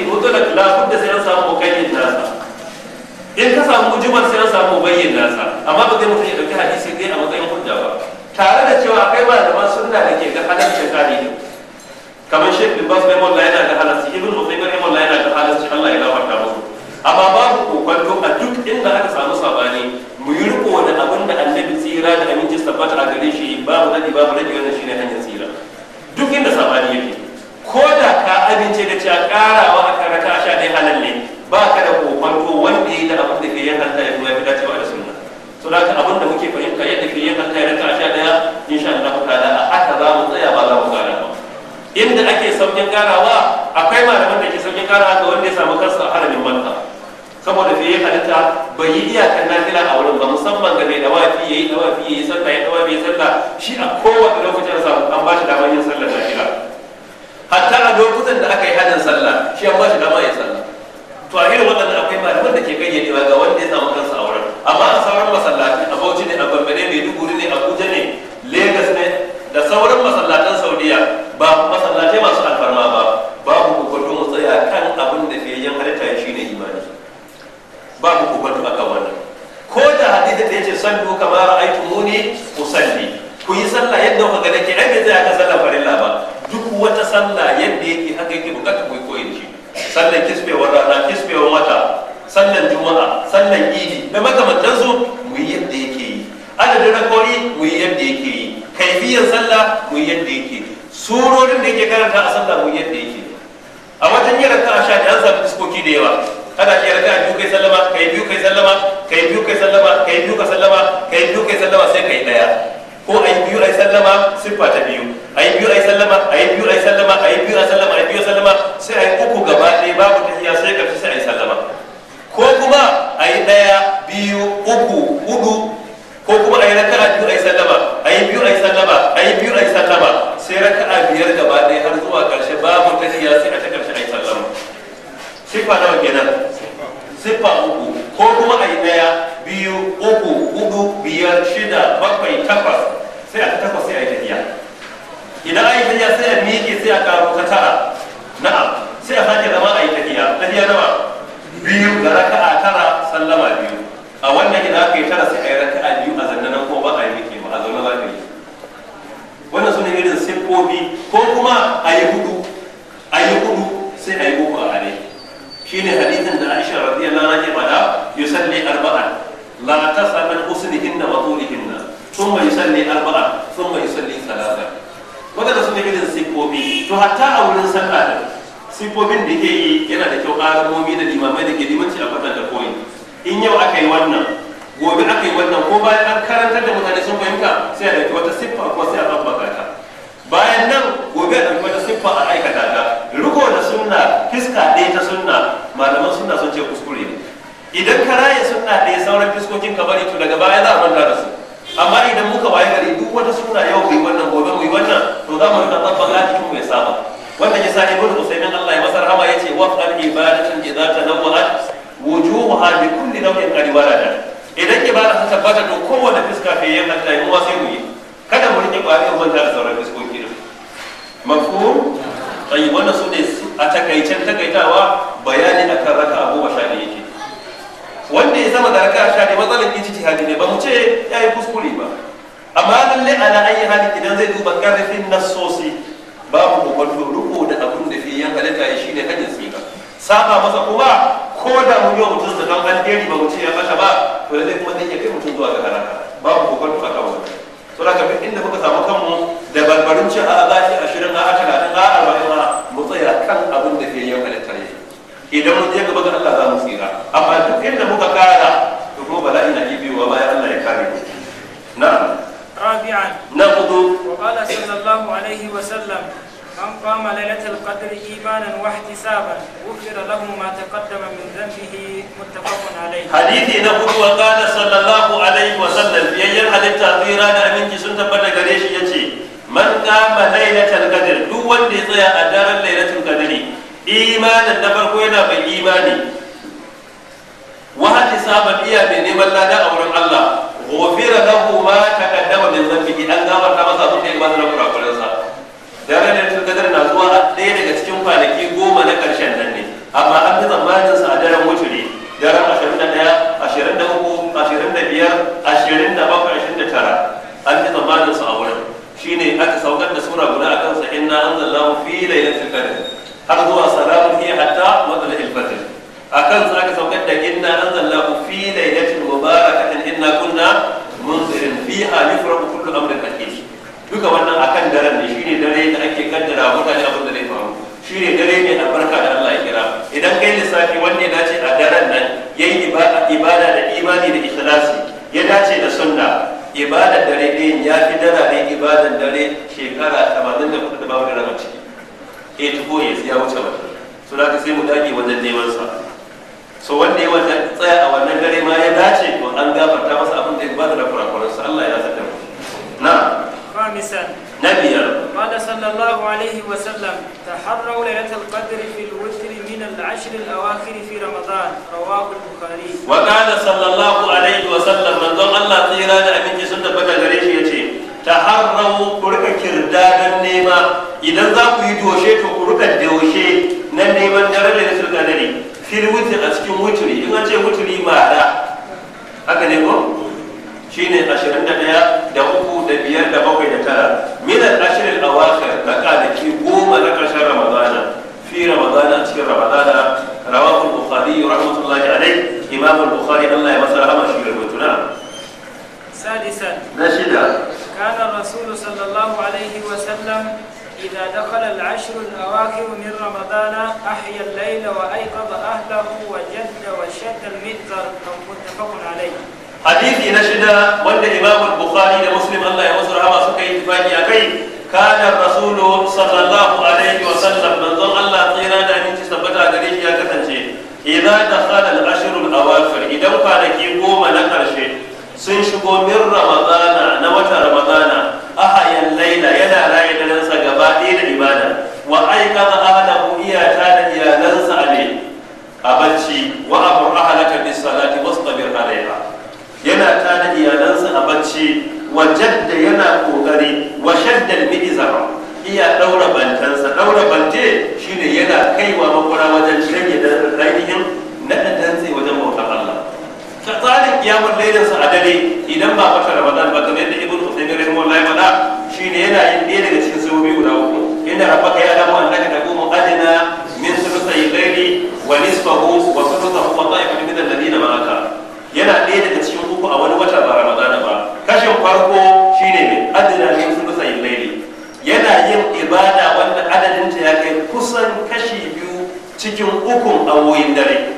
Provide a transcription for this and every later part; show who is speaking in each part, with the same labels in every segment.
Speaker 1: hadisi mutlaq la kudda sai an samu muqayyid nasa in ka samu jumar sai an samu bayyin nasa amma ba zai mutu ya dauki hadisi dai a matsayin hujja ba tare da cewa akwai malaman sunna da ke ga halaccin tarihi kamar Sheikh bin Bas Rahimahullah yana ga halarci Ibn Uthaymeen Rahimahullah yana ga halarci Allah ya gafarta musu amma babu kokonto a duk inda aka samu sabani mu yi riko da abin da annabi tsira da aminci sabbata a gare shi babu nadi babu nadi wannan shine hanyar tsira duk inda sabani yake ko da ka amince da cewa karawa a karata sha dai halal ne ba ka da to wanda ya da abin da ke yin halta ya zuwa fi dacewa da sunna to da ka abin da muke fahimta yadda ke yin halta ya raka sha ɗaya insha Allah ta'ala a aka za mu tsaya ba za mu gara ba inda ake saukin karawa akwai malaman da ke saukin karawa ga wanda ya samu kansa a haramin manta saboda fiye halitta bai yi iyakar nafila a wurin ba musamman ga mai dawafi ya yi dawafi ya yi sallah ya dawafi ya sallah shi a kowane lokacin samu an ba shi damar yin sallar nafila hatta a lokutan da aka yi hajjin sallah shi an bashi dama ya sallah to a irin waɗanda akwai malaman da ke gayyadewa ga wanda ya samu kansa a wurin amma a sauran masallaci a bauchi ne a bambare ne duguri ne abuja ne lagos ne da sauran masallatan saudiya ba masallatai masu alfarma ba babu kokonto mu tsaya kan abin da ke yin halitta shi ne imani babu kokonto akan wannan ko da hadisi da yace sallu kama ra'aytumuni usalli ku yi sallah yadda kuka ga nake ai bai tsaya ka sallah farilla ba wata sallah yadda yake haka yake bukatar ku koyi shi sallan kisbewar rana kisbewar wata sallan juma'a sallan idi da makamantan su mu yi yadda yake yi adadin rakori mu yi yadda yake yi kaifiyar sallah mu yi yadda yake yi surorin da yake karanta a sallah mu yi yadda yake yi a watan yi a sha an samu diskoki da yawa kana iya raka'a biyu kai sallama kai biyu kai sallama kai biyu kai sallama kai biyu kai sallama kai biyu kai sallama sai kai daya ko ayi biyu ayi sallama siffa ta biyu ayi biyu ayi sallama ayi biyu ayi sallama ayi biyu ayi sallama ayi biyu sallama sai ayi uku gaba ɗaya babu tahiyya sai karshe sai ayi sallama ko kuma ayi ɗaya biyu uku hudu ko kuma ayi raka'a biyu ayi sallama ayi biyu ayi sallama ayi biyu ayi sallama sai raka'a biyar gaba ɗaya har zuwa karshe babu tahiyya sai a ta karshe ayi sallama siffa nawa kenan siffa uku ko kuma a yi ɗaya biyu uku hudu biyar shida bakwai takwas sai a ta takwas sai a yi tafiya idan a yi tafiya sai a miƙe sai a karo ta tara na'am sai a sake zama a yi tafiya tafiya nawa biyu da raka'a tara fi lailatul qadr har zuwa salamun hiya hatta matla'il fajr akan sa ka saukar da inna anzalnahu fi lailatin mubarakatin inna kunna munzirin fiha yufraqu kullu amrin duka wannan akan daren ne shine dare da ake kaddara mutane abin da zai faru shine dare ne na barka da Allah ya kira idan kai lissafi wanne na ce a daren nan yayi ibada da imani da ikhlasi ya dace da sunna ibadar dare ɗin ya fi dara ne ibadar dare shekara 84 da babu da rama ciki ya ci ko ya wuce wannan so da sai mu dage wajen neman sa so wanda ya tsaya a wannan dare ma ya dace to an gafarta masa abin da ya bada da kurakuran sa Allah ya zata mu
Speaker 2: na khamisan na biyar qala sallallahu alaihi wa sallam taharraw lailatul qadri fil witr min al ashr al awakhir fi ramadan rawahu al bukhari wa qala sallallahu alaihi wa sallam manzon Allah tsira da abinci sun tabbata gare shi yace taharramu ku rika
Speaker 1: kirdadan nema idan za ku yi doshe to ku rika doshe na neman daren da nasu kadari fil a cikin wutri in an ce wutri mara haka ne ko shine 21 da uku da biyar da bakwai da tara min al ashr al ka da kwanaki goma na karshen ramadana fi ramadana a cikin ramadana rawahu al bukhari rahmatullahi alayh imam al bukhari Allah ya masa rahama shi rubutuna
Speaker 2: سادسا نشدا كان الرسول صلى الله عليه وسلم إذا دخل العشر الأواخر من رمضان أحيا الليل وأيقظ أهله وجد وشد المئزر متفق عليه حديثي نشدا وأن إمام البخاري لمسلم الله يوزر
Speaker 1: هما سكي اتفاقي أكي كان الرسول صلى الله عليه وسلم من ظن الله طيرا أن تثبت عليه يا كتنجي إذا دخل العشر الأواخر إذا وقع كان كي قوم نكرشي sun shigo min ramadana na wata ramadana ahayan laila yana raye darensa gaba ɗaya da ibada wa aikata ahlahu iyata da iyalansa a ne a bacci wa abu ahalaka bis salati wastabir alaiha yana tada iyalansa a bacci wa
Speaker 2: jadda yana kokari wa shaddal mi'izara iya ɗaura bantansa ɗaura bante shine yana kaiwa makwara wajen
Speaker 1: rage da ainihin tsarin kiyamun lailan su a dare idan ba wata ramadan ba kamar yadda ibnu usaymin rahimahullahi wala shine yana yin ɗaya daga cikin sababi guda uku inda rabbaka ya damu annaka taqumu adna min thuluthay al-layli wa nisfahu wa thuluthahu wa ta'ifatun min alladhina ma'aka yana ɗaya daga cikin uku a wani wata ba ramadana ba kashin farko shine mai adna min thuluthay al-layli yana yin ibada wanda adadin ta ya kai kusan kashi biyu cikin ukun awoyin dare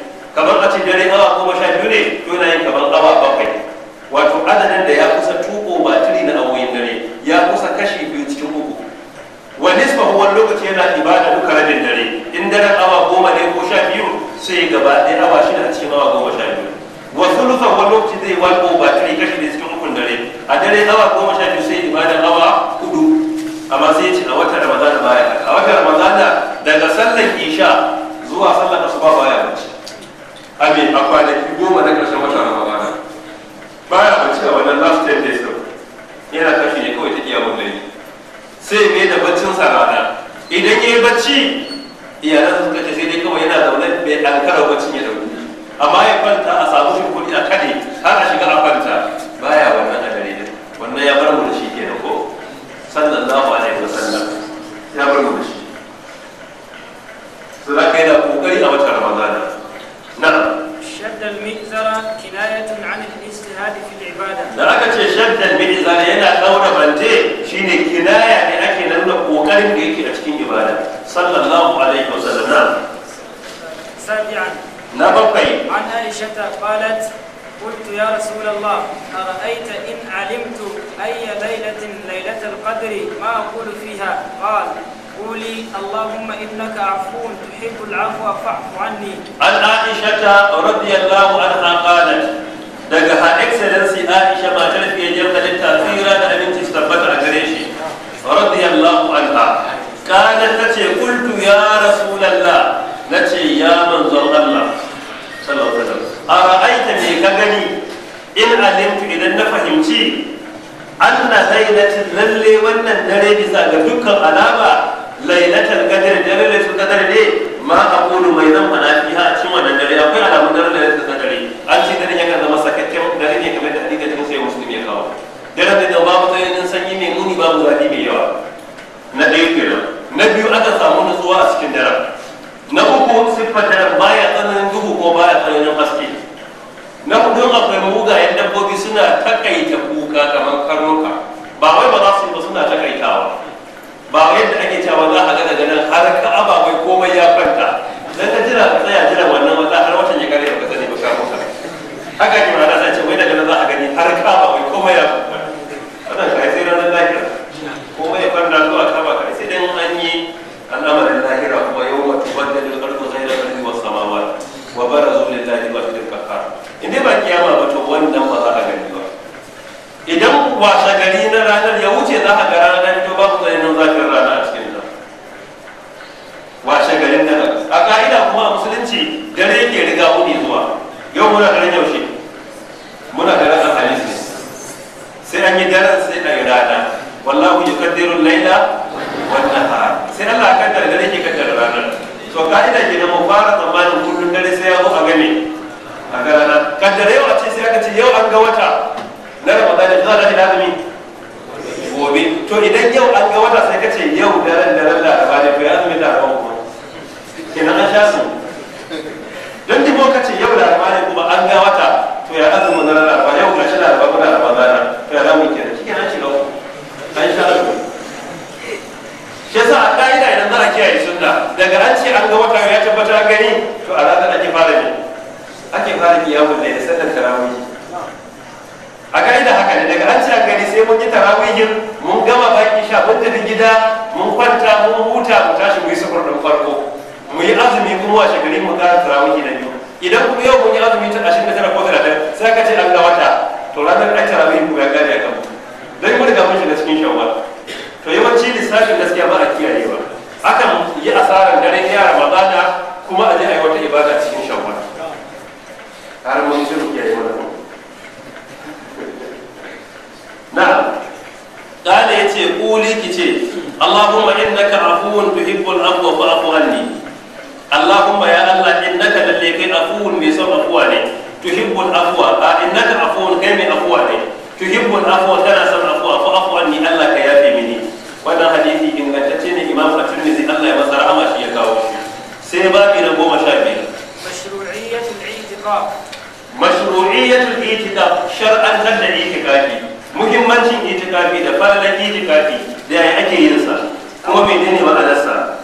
Speaker 1: mashru'iyyatul itikaf shar'an da itikafi muhimmancin itikafi da falalan itikafi da ya ake yin sa
Speaker 2: kuma menene ma'anarsa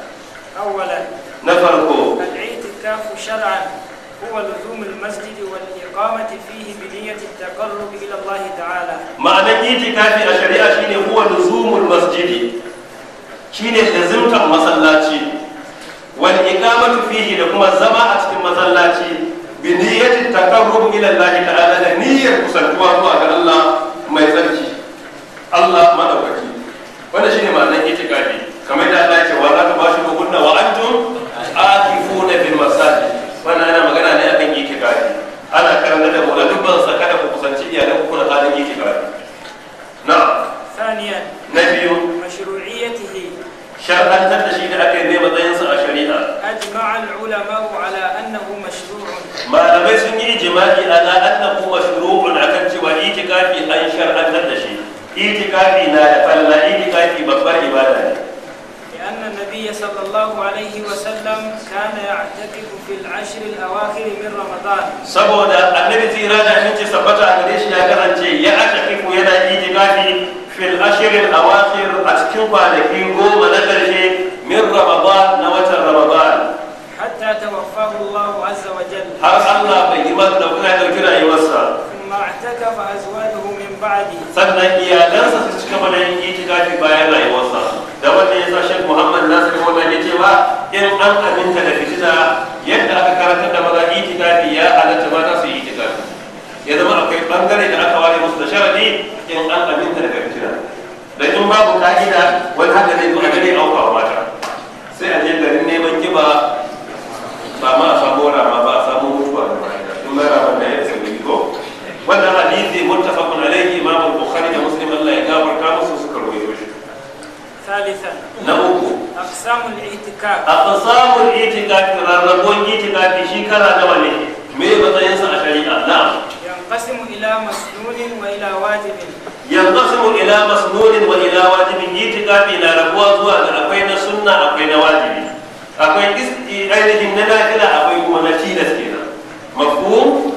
Speaker 2: awwalan na farko al-itikafu shar'an هو لزوم المسجد والإقامة فيه بنية التقرب إلى الله تعالى معنى اعتكاف الشريعة شيني هو لزوم
Speaker 1: masallaci. bi niyyatin taqarrub ila Allah ta'ala da niyyar kusantuwa zuwa ga Allah mai tsarki Allah madaukaki wannan shine ma'anar itikadi kamar da Allah ya ce wa la tubashiru kunna wa antum akifuna bil masajid wannan ana magana ne akan itikadi ana karanta da wala dubban saka da kusanci iyalan ku kuna halin na
Speaker 2: ثانيا نبي مشروعيته شرعا تدشي لأكل نيمة ينسى شريعة أجمع العلماء malamai sun yi ijma'i ala annahu mashru'un akan cewa itikafi an shar'antar da shi itikafi na da falla itikafi babbar ibada ne لأن النبي صلى الله عليه وسلم كان يعتكف في العشر الأواخر من رمضان سبودا النبي تيرانا منتي سبتا أغريش يا كرنجي
Speaker 1: يعتكف ينا إيتكافي في العشر الأواخر أتكفى لكي قوم نكرشي من رمضان
Speaker 2: نوة رمضان hatta tawaffahu Allah azza har Allah bai yi masa dauka ya dauki rayuwarsa thumma i'takafa azwajuhu min ba'di sannan
Speaker 1: iyalansa su cika mana yin itikafi rayuwarsa da wanda ya sa Sheikh Muhammad Nasir wannan ya cewa in an aminta da fitina yadda aka karanta da maza itikafi ya halatta mata su yi itikafi ya zama akwai bangare da aka ware musu da sharadi in an aminta daga fitina da in babu wani mata sai a garin neman kiba ba ma sabora ma ba sabu mutuwa da ba kuma ra ba ne su ni ko wannan hadisi muttafaqun alayhi imam al-bukhari da muslim Allah ya gafarta musu suka ruwa shi
Speaker 2: na uku aqsamul i'tikaf aqsamul i'tikaf
Speaker 1: rarrabon i'tikaf shikara da wani me matsayin sa a shari'a na
Speaker 2: yanqasimu ila masnunin wa ila wajibin
Speaker 1: ينقسم الى مسنون والى واجب يتقابل الى ربوة وقال اقوين سنة اقوين واجبين akwai ainihin na nafila akwai kuma na tilas kenan
Speaker 2: mafhum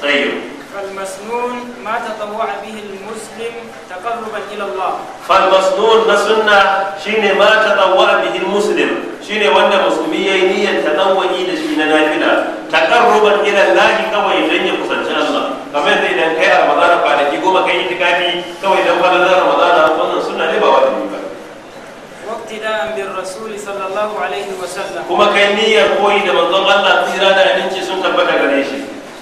Speaker 2: tayyib فالمسنون ما تطوع به المسلم تقربا الى الله فالمسنون نسنة
Speaker 1: شيني ما تطوع به المسلم شيني وانا مسلمي نية تطوعي لشينا نافلة تقربا الى الله كوي لن يقصد الله kamar yadda idan kai a ramadana kwanaki goma kai itikafi kawai dan kwanan ramadana wannan sunna ne ba
Speaker 2: iktida'an bir rasuli sallallahu alaihi wa sallam kuma kai niyyar koyi da manzon Allah tsira da aminci sun tabbata gare shi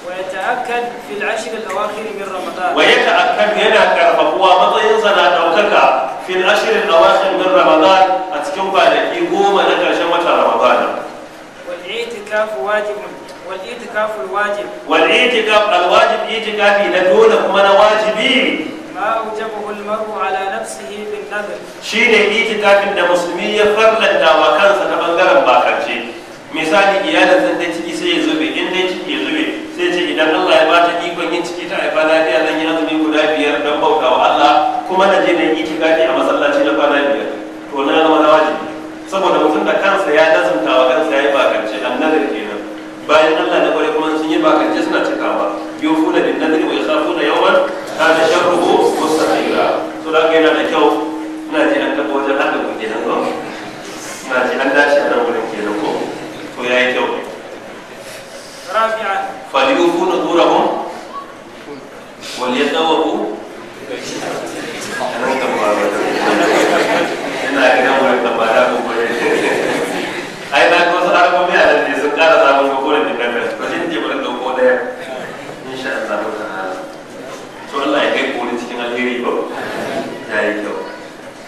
Speaker 2: wa yata'akkad fil ashr al awakhir min ramadan wa yata'akkad yana
Speaker 1: karfafuwa matsayin sa na daukaka fil ashr al awakhir min ramadan
Speaker 2: a cikin kwanaki
Speaker 1: goma na karshen watan ramadan
Speaker 2: wal i'tikaf wajibun والاعتكاف الواجب والاعتكاف الواجب اعتكافي na dole kuma na wajibi ma aujabahu al-mar'u
Speaker 1: da musulmi ya farlanta wa kansa ta bangaren bakance misali iyalin zan dai ciki sai ya zube in dai ciki ya zube sai ce idan Allah ya bata ikon yin ciki ta haifa lafiya zan yi azumi guda biyar don bauta wa Allah kuma na je na yi itikafi a masallaci na kwana biyar to na zama na wajibi saboda mutum da kansa ya nazumta wa kansa ya yi bakance annabi kenan bayan Allah da kware kuma sun yi bakance suna cikawa yufuna bin nadri sa yakhafuna yawan. kana sharruhu mustaqira to da da kyau ina ji an tabo wajen haka mun ko ina ji an dace a nan wurin kenan ko to yayi kyau rabi'a falyufu nudurahum wal yadawu anan tambara ina ga nan ko ko ai na ko sun kara samun da shi ne ba da insha Allah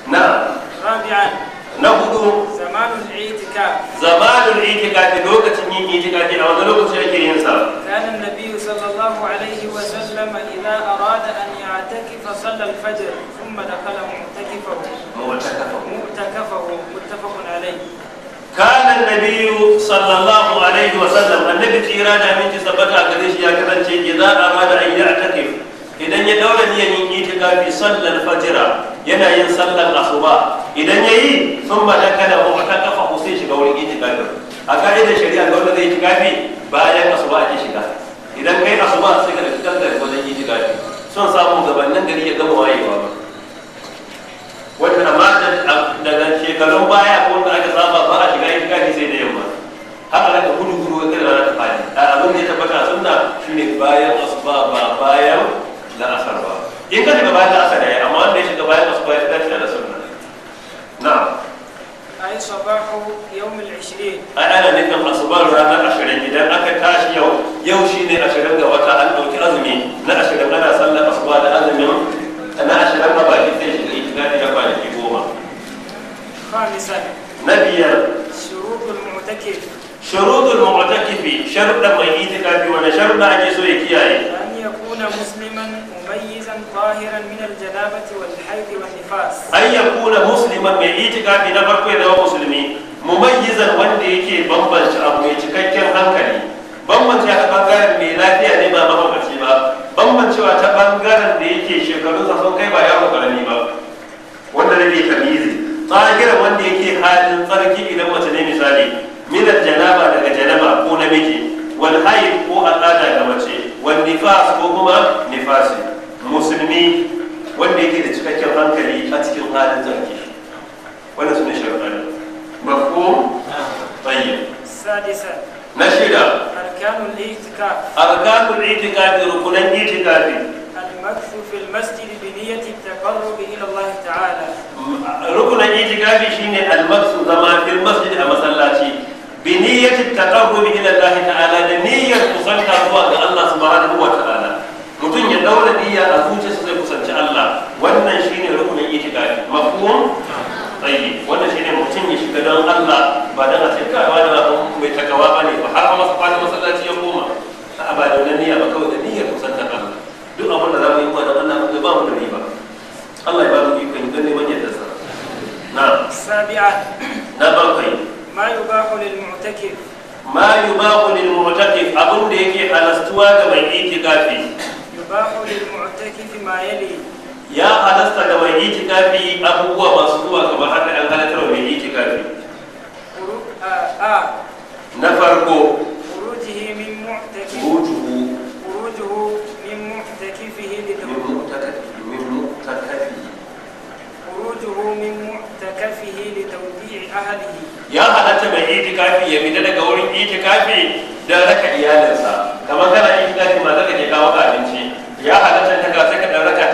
Speaker 1: نعم
Speaker 2: رابعا نهدو زمان الاعتكاف زمان
Speaker 1: الاعتكاف لوكتين yin itikafi a wani
Speaker 2: lokaci ake yin sa kana annabi sallallahu alaihi wa sallam idza arada an ya'takifa salla al-fajr thumma dakhala mu'takafahu mu'takafahu mu'takafahu muttafaqun alayhi kana annabi sallallahu alaihi wa sallam
Speaker 1: annabi tsira da miji sabata gare shi ya kasance idza arada an ya'takif idan ya daura niyan yin itikafi sallar fajira yana yin sallar asuba idan ya yi sun ba da kada ko ta kafa ko sai shiga wurin itikafi a ka'idar shari'a ga wanda zai itikafi bayan asuba ake shiga idan kai asuba sai ka tafi gari wajen itikafi son samun gabanin gari ya gama wayewa ba wannan amma daga shekarun baya
Speaker 2: ai ana nufin asubar ranar ashirin idan
Speaker 1: aka tashi yau yau shi ne ashirin ga wata an ɗauki azumi
Speaker 2: na ashirin ana sallar asuba da azumin na ashirin na baki sai shi ne kina da kwanaki goma na biyar shuruɗul mu'takifi sharuɗa mai itikafi wani sharuɗa ake so ya kiyaye ظاهرا
Speaker 1: من الجنابة والحيض والنفاس أن يكون مسلما من اعتقاد نبرك إذا مسلمين mumayyizan wanda yake bambance abu mai cikakken hankali bambance ta bangaren mai lafiya ne ba mahaukaci ba bambancewa ta bangaren da yake sa sun kai ba yaro karami ba wanda ne tamizi tsagiran wanda yake halin tsarki idan mace ne misali minar janaba daga janaba ko na namiji wal haid ko al'ada ga mace wal nifas ko kuma nifasi musulmi wanda yake da cikakken hankali a cikin halin tsarki wannan sune sharuɗan مفهوم؟
Speaker 2: طيب السادسة نشيدة أركان الاعتكاف أركان الاعتكاف ركن الاعتكاف المكث في المسجد بنية التقرب إلى الله تعالى ركن الاعتكاف
Speaker 1: شيني المكث زمان في المسجد صلاتي بنية التقرب إلى الله تعالى لنية قصنت أبواب الله سبحانه وتعالى متن يدور هي أفوتس لقصنت الله وأن شيني ركن الاعتكاف don ya shiga don Allah ba don a ce kai wani ba mai takawa ba ne ba har ma masa masallaci ya koma a ba da wani niyya ba kawai da niyyar kusantar Allah duk abin da za mu yi kuma don Allah ba mu da riba Allah ya ba mu ikon don neman yadda sa
Speaker 2: na sabi'a na bakwai ma yubahu lil mu'takif ma yubahu lil
Speaker 1: mu'takif abin da yake halastuwa ga mai itikafi
Speaker 2: yubahu lil mu'takif ma
Speaker 1: yali ya halasta ga mai itikafi abubuwa masu zuwa kamar haka an halatar mai itikafi na farko ya halatta mai itikafi ya fita daga wurin yi itikafi don raka
Speaker 2: iyalinsa kamar kana itikafi ma zaka ke kawo abinci ya halatta ta ka saka don raka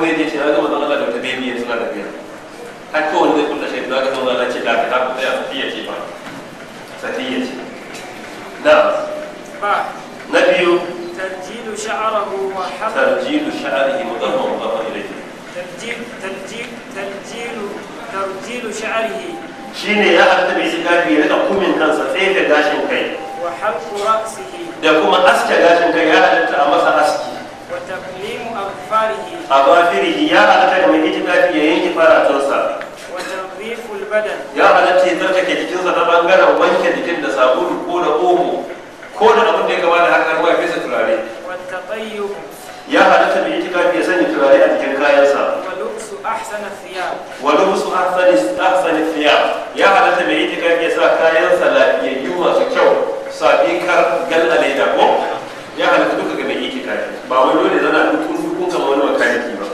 Speaker 1: wani zai ce ya da wata bebiya suna tafiya har kowane zai da ta kuɗa safiya ce ba safiya ce na
Speaker 2: na biyu ترجيل شعره وحلقه ترجيل شعره
Speaker 1: مضمر مضمر إليه
Speaker 2: ترجيل ترجيل ترجيل ترجيل شعره
Speaker 1: shine ya halatta bai zikafi ya kumin kansa sai da gashin
Speaker 2: kai da kuma aske gashin kai ya halatta a masa aski a bafirihi ya halatta da mai itikafi ya yanke faratunsa
Speaker 1: ya halatta ya tsarkake jikinsa ta bangaren wanke jikin da sabulu ko da omo ko da abin da ya gaba da haka ruwa fesa turare ya halatta mai itikafi ya sanya turare a jikin
Speaker 2: kayansa wa lubsu ahsani thiyab ya halatta mai itikafi ya sa kayansa lafiyayyu
Speaker 1: masu kyau sabi kar gal aleda ko ya halatta duka ga mai itikafi ba wani dole zana dutu ko kama wani makaniki ba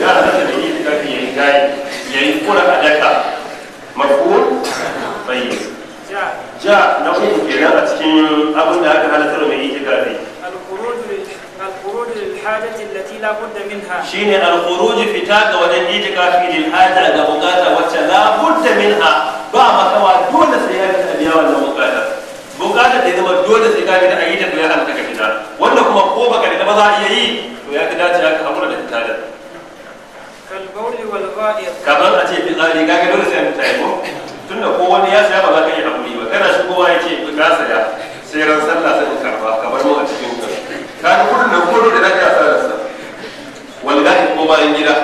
Speaker 1: ya halatta da yi tafi ya yi gayi ya yi kura a daka mafuhun
Speaker 2: tsayi
Speaker 1: ja na uku kenan a cikin abin da aka halatta mai yi tafi shine al-khuruj fita ga wajen itikafi lil haja ga bukata wacce la budda minha ba makawa dole sai ya ta biya wannan bukata bukata da zama dole sai ka fita a yi ta tafiya an ka fita wanda kuma ko baka da ba za a iya yi to ya fi dace haka hakura da fitalar kamar a ce fitsari kaga dole sai mu tayi tunda ko wani ya saya ba za ka yi hakuri ba kana shigowa ya ce ka saya sai ran sallah sai
Speaker 2: kamar mu a cikin ka kaga kudin nan ko da sa da sa ko
Speaker 1: bayan gida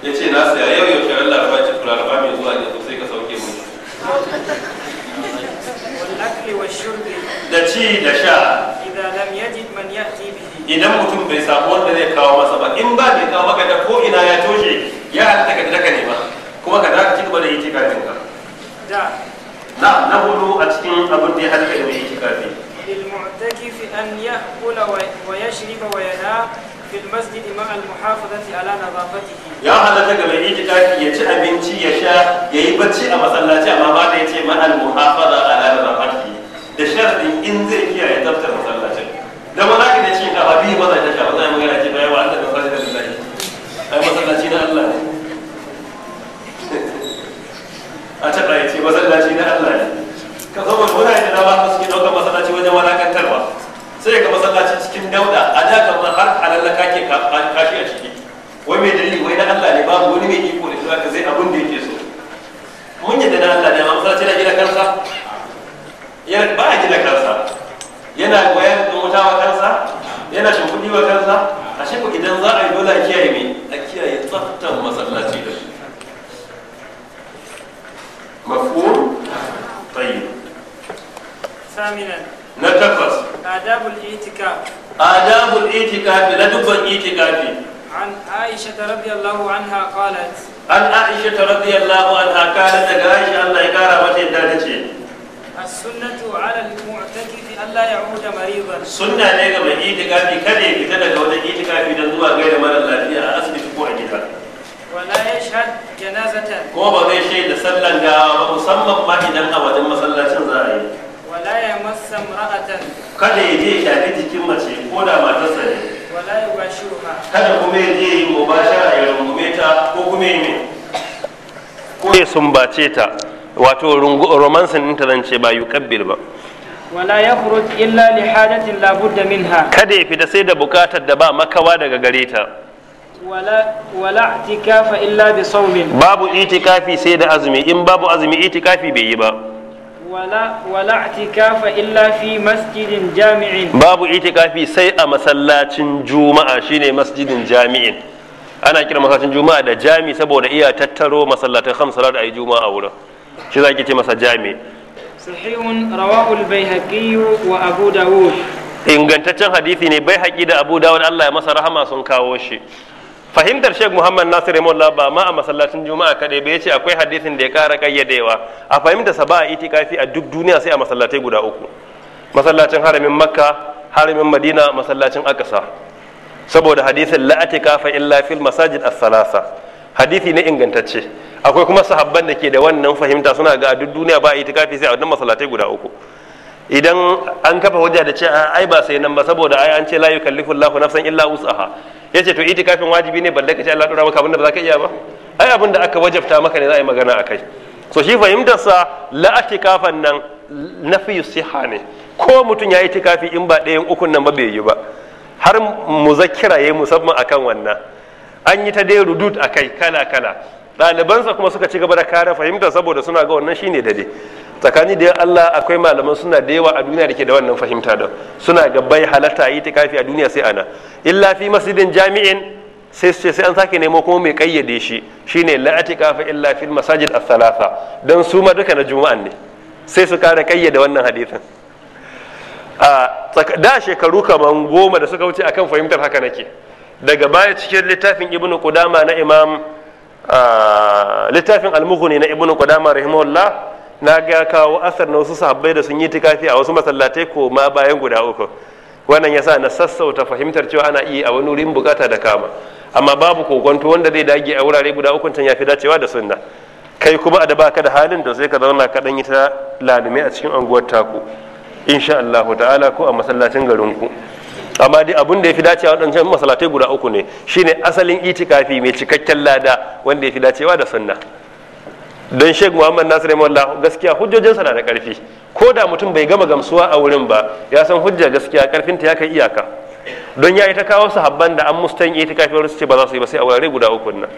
Speaker 1: ya ce na saya yau yau shirin laraba ce kula laraba mai zuwa ne sai ka sauke mu
Speaker 2: da ci da sha idan lam yajid man ya'ti bihi
Speaker 1: idan mutum bai samu wanda zai kawo masa ba in ba bai kawo maka da ko ina ya toshe ya halatta ka daga nema kuma ka zaka cikin gaba yi kafin ka na na hudu a cikin abin da ya halatta da yi kafi
Speaker 2: للمعتكف أن يأكل ويشرب وينام في المسجد مع المحافظة على نظافته يا هذا تجمع إيتكافي يجي أبنتي يشاء يبتشي أما صلاتي أما
Speaker 1: بعد يجي مع المحافظة على نظافته ده شرط إن ذي كيا da ba za da cikin kaba biyu ba za ta sha ba a yi magana ce bayan ba an da kan sashi da lillahi ai masallaci na Allah ne a taɓa ya ce masallaci na Allah ne ka zo mai wurare da dama su ke ɗaukar masallaci wajen walakantarwa sai ka masallaci cikin dauda a da kamar har ka ke kashi a ciki wai mai dalili wai na Allah ne babu wani mai iko da shi zaka zai abin da yake so mun yadda na Allah ne amma masallaci na gina kansa yana ba a gina kansa yana wayar da wuta wa kansa yana shimfiɗi wa kansa a shi idan za a yi dole a kiyaye mai a kiyaye tsaftar masallaci da
Speaker 2: mafu tayi saminan na takwas adabul itikaf adabul itikaf la dubban itikafi an aisha radiyallahu anha qalat an aisha radiyallahu anha qalat daga aisha Allah ya kara mata yadda ta ce as-sunnatu 'ala al-mu'takif alla ya'uda maridan sunna ne ga mai itikafi kada ya fita daga wajen itikafi
Speaker 1: don zuwa gaida mara lafiya a asibiti ko a gida wala yashhad janazatan ko ba zai shaida sallan gawa ba musamman ma idan a wajen masallacin za a yi wala
Speaker 2: yamassa imra'atan
Speaker 1: kada ya je shafi jikin
Speaker 2: mace ko da matarsa ne wala yubashiruha kada kuma ya je mubashara ya rungume ta
Speaker 1: ko kuma yi ya ko ya sumbace ta wato romansin ɗinta zan ce ba yuqabbil ba
Speaker 2: wala furo illa li hajatin da min ha. kada
Speaker 1: ya fita sai da bukatar da ba makawa daga gare ta wala itikafa illa bi saumin babu itikafi sai da azumi in babu azumi itikafi bai yi ba
Speaker 2: wala wala itikafa illa fi masjidin jami'in babu
Speaker 1: itikafi sai a masallacin juma'a shine masjidin jami'in ana kira masallacin juma'a da jami saboda iya tattaro masallatan khamsa da ayi juma'a a wurin shi za ki ce masa jami
Speaker 2: sahihun rawahul baihaqi wa abu dawud
Speaker 1: ingantaccen hadisi ne baihaqi da abu dawud Allah ya masa rahama sun kawo shi fahimtar sheikh muhammad nasir rahimahullah ba ma a masallacin juma'a kadai bai ce akwai hadisin da ya kara kayyadewa a fahimta sa ba a itikafi a duk duniya sai a masallatai guda uku masallacin haramin makka haramin madina masallacin akasa saboda hadisin la'atika fa illa fil masajid as-salasa hadisi ne ingantacce akwai kuma sahabban da ke da wannan fahimta suna ga duk duniya ba itikafi sai a wannan masallatai guda uku idan an kafa hujja da ce ai ba sai nan ba saboda ai an ce la yukallifu Allahu nafsan illa wus'aha yace to itikafin wajibi ne balle ka ce Allah dora maka abinda ba za ka iya ba ai abin da aka wajabta maka ne za a yi magana akai so shi fahimtar sa la itikafan nan nafi siha ne ko mutum ya yi itikafi in ba ɗayan ukun nan ba bai yi ba har muzakkira yayi musamman akan wannan an yi ta dai rudud akai kala kala ɗalibansa kuma suka ci gaba da kare fahimta saboda suna ga wannan shine dare tsakani da Allah akwai malaman suna da yawa a duniya da ke da wannan fahimta da suna ga bai halatta yi ta kafi a duniya sai ana illa fi masjidin jami'in sai su ce sai an sake nemo kuma mai kayyade shi shine la atikafa illa fil masajid as-salasa dan su ma duka na juma'a ne sai su kare kayyade wannan hadisin a da shekaru kaman goma da suka wuce akan fahimtar haka nake daga baya cikin littafin ibnu qudama na imam littafin almuhuni na ibnu qudama rahimahullah na ga kawo asar na wasu sahabbai da sun yi tikafi a wasu masallatai ko ma bayan guda uku wannan yasa na sassauta fahimtar cewa ana iya a wani wurin bukata da kama amma babu kokonto wanda zai dage a wurare guda uku can yafi dacewa da sunna kai kuma a da baka da halin da sai ka zauna ka dan yi ta lalume a cikin anguwar taku insha Allah ta'ala ko a masallacin garin ku amma dai abin da ya fi dacewa waɗancan masalatai guda uku ne shine asalin itikafi mai cikakken lada wanda ya fi dacewa da sunna don sheikh muhammad nasir malla gaskiya hujjojinsa na da ƙarfi ko da mutum bai gama gamsuwa a wurin ba ya san hujja gaskiya ƙarfinta ya kai iyaka don ya yi ta kawo su habban da an mustan itikafi wani su ce ba za su yi ba sai a wurare guda uku nan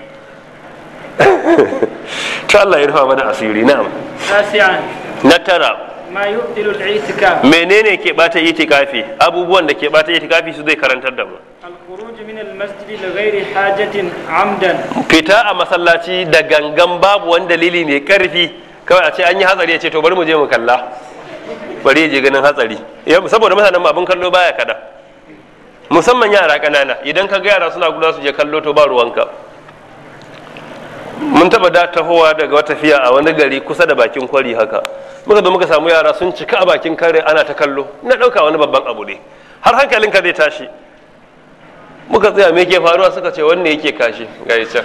Speaker 1: ta Allah ya rufa mana asiri na'am na tara
Speaker 2: menene
Speaker 1: ke bata itikafi abubuwan da ke bata itikafi su zai karantar da mu fita a masallaci da gangan babu wani dalili mai karfi kawai a ce an yi hatsari ya ce to bari mu je mu kalla bari je ganin hatsari saboda mutanen abin kallo baya kada musamman yara kanana idan ka ga yara suna guda su je kallo to ba ruwanka mun taba da tahowa daga wata tafiya a wani gari kusa da bakin kwari haka muka zo muka samu yara sun cika a bakin kare ana ta kallo na ɗauka wani babban abu ne har hankalinka zai tashi muka tsaya me ke faruwa suka ce wanne yake kashi gari can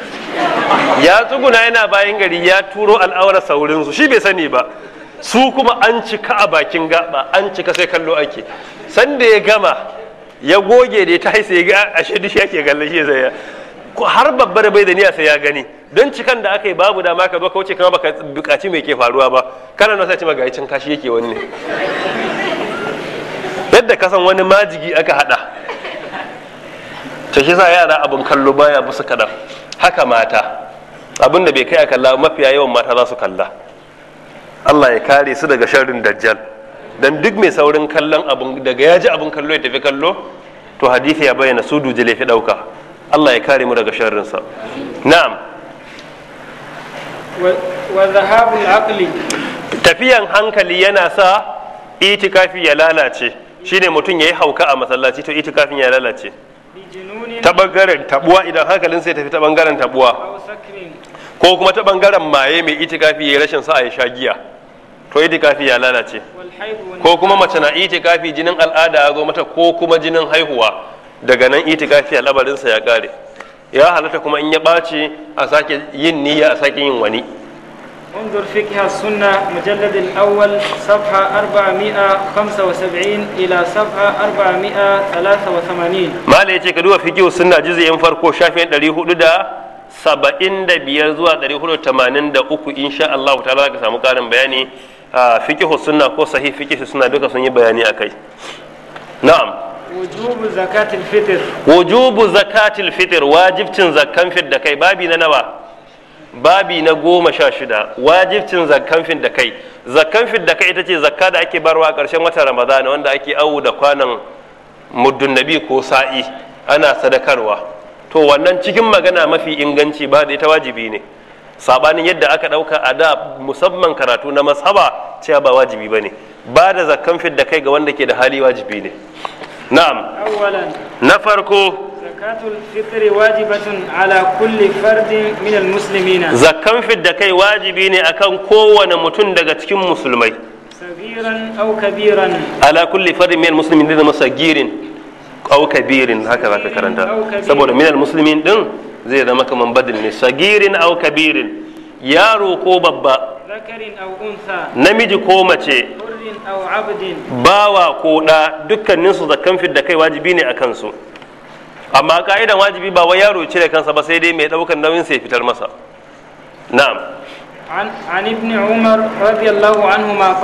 Speaker 1: ya tsuguna yana bayan gari ya turo saurin saurinsu shi bai sani ba su kuma an cika a bakin gaba an cika sai kallo ake sanda ya gama ya goge da ta haisa ya ga ashe duk yake kallon shi ya har babbar bai da niyya sai ya gani don cikan da aka yi babu dama ka zo ka wuce kama baka bukaci mai ke faruwa ba kana na sai ci maga cin kashi yake wani ne yadda kasan wani majigi aka hada tashi sa yara abin kallo baya musu kadan haka mata abin da bai kai a kalla mafiya yawan mata za su kalla Allah ya kare su daga sharrin dajjal dan duk mai saurin kallon abun daga ya ji abin kallo ya tafi kallo to hadisi ya bayyana su duje fi dauka Allah ya kare mu daga sharrinsa na'am tafiyan hankali yana sa itikafi ya lalace shine mutum ya yi hauka a masallaci to itikafin ya lalace ta bangaren tabuwa idan hankalin sai tafi ta bangaren tabuwa ko kuma ta bangaren maye mai itikafi ya rashin sa ya sha giya to itikafi ya lalace ko kuma mace na itikafi jinin al'ada ya zo mata ko kuma jinin haihuwa daga nan itikafi al'abarinsa ya kare ya halatta kuma in ya ɓaci a sake yin niyya a sake yin wani
Speaker 2: انظر فقه السنة مجلد الأول صفحة 475 إلى صفحة 483
Speaker 1: ما ليتي كدوا فقه السنة جزء فرقو شافين دلي هدودا سبعين da biyar zuwa ɗari تمانين tamanin da uku insha Allah ta'ala ka samu ƙarin bayani a fikihu sunna ko sahih fikihu sunna duka sun yi
Speaker 2: wujubu zakatil fitr
Speaker 1: zakatil wajibcin zakkan fit da kai babi na nawa babi na goma sha shida wajibcin zakkan fit da kai zakkan fit da kai ita ce zakka da ake barwa a ƙarshen watan ramadana wanda ake awu da kwanan muddun nabi ko sa'i ana sadakarwa to wannan cikin magana mafi inganci ba da ita wajibi ne sabanin yadda aka dauka a da musamman karatu na masaba cewa ba wajibi bane ba da zakkan fit da kai ga wanda ke da hali wajibi ne na'am na farko
Speaker 2: zakatul fitri
Speaker 1: kai wajibi ne kan kowane mutum daga cikin musulmai
Speaker 2: sagiran aw kabiran
Speaker 1: ala kulli fardin sagirin aw kabirin haka karanta saboda min almuslimin din zai zama kaman badal sagirin aw yaro ko babba namiji ko mace bawa ko su dukkaninsu zakan da kai wajibi ne a kansu amma ka'idan wajibi ba wai yaro cire kansa ba sai dai mai ɗaukan nauyin sai fitar masa na'am
Speaker 2: an ibn umar radiyallahu anhu ma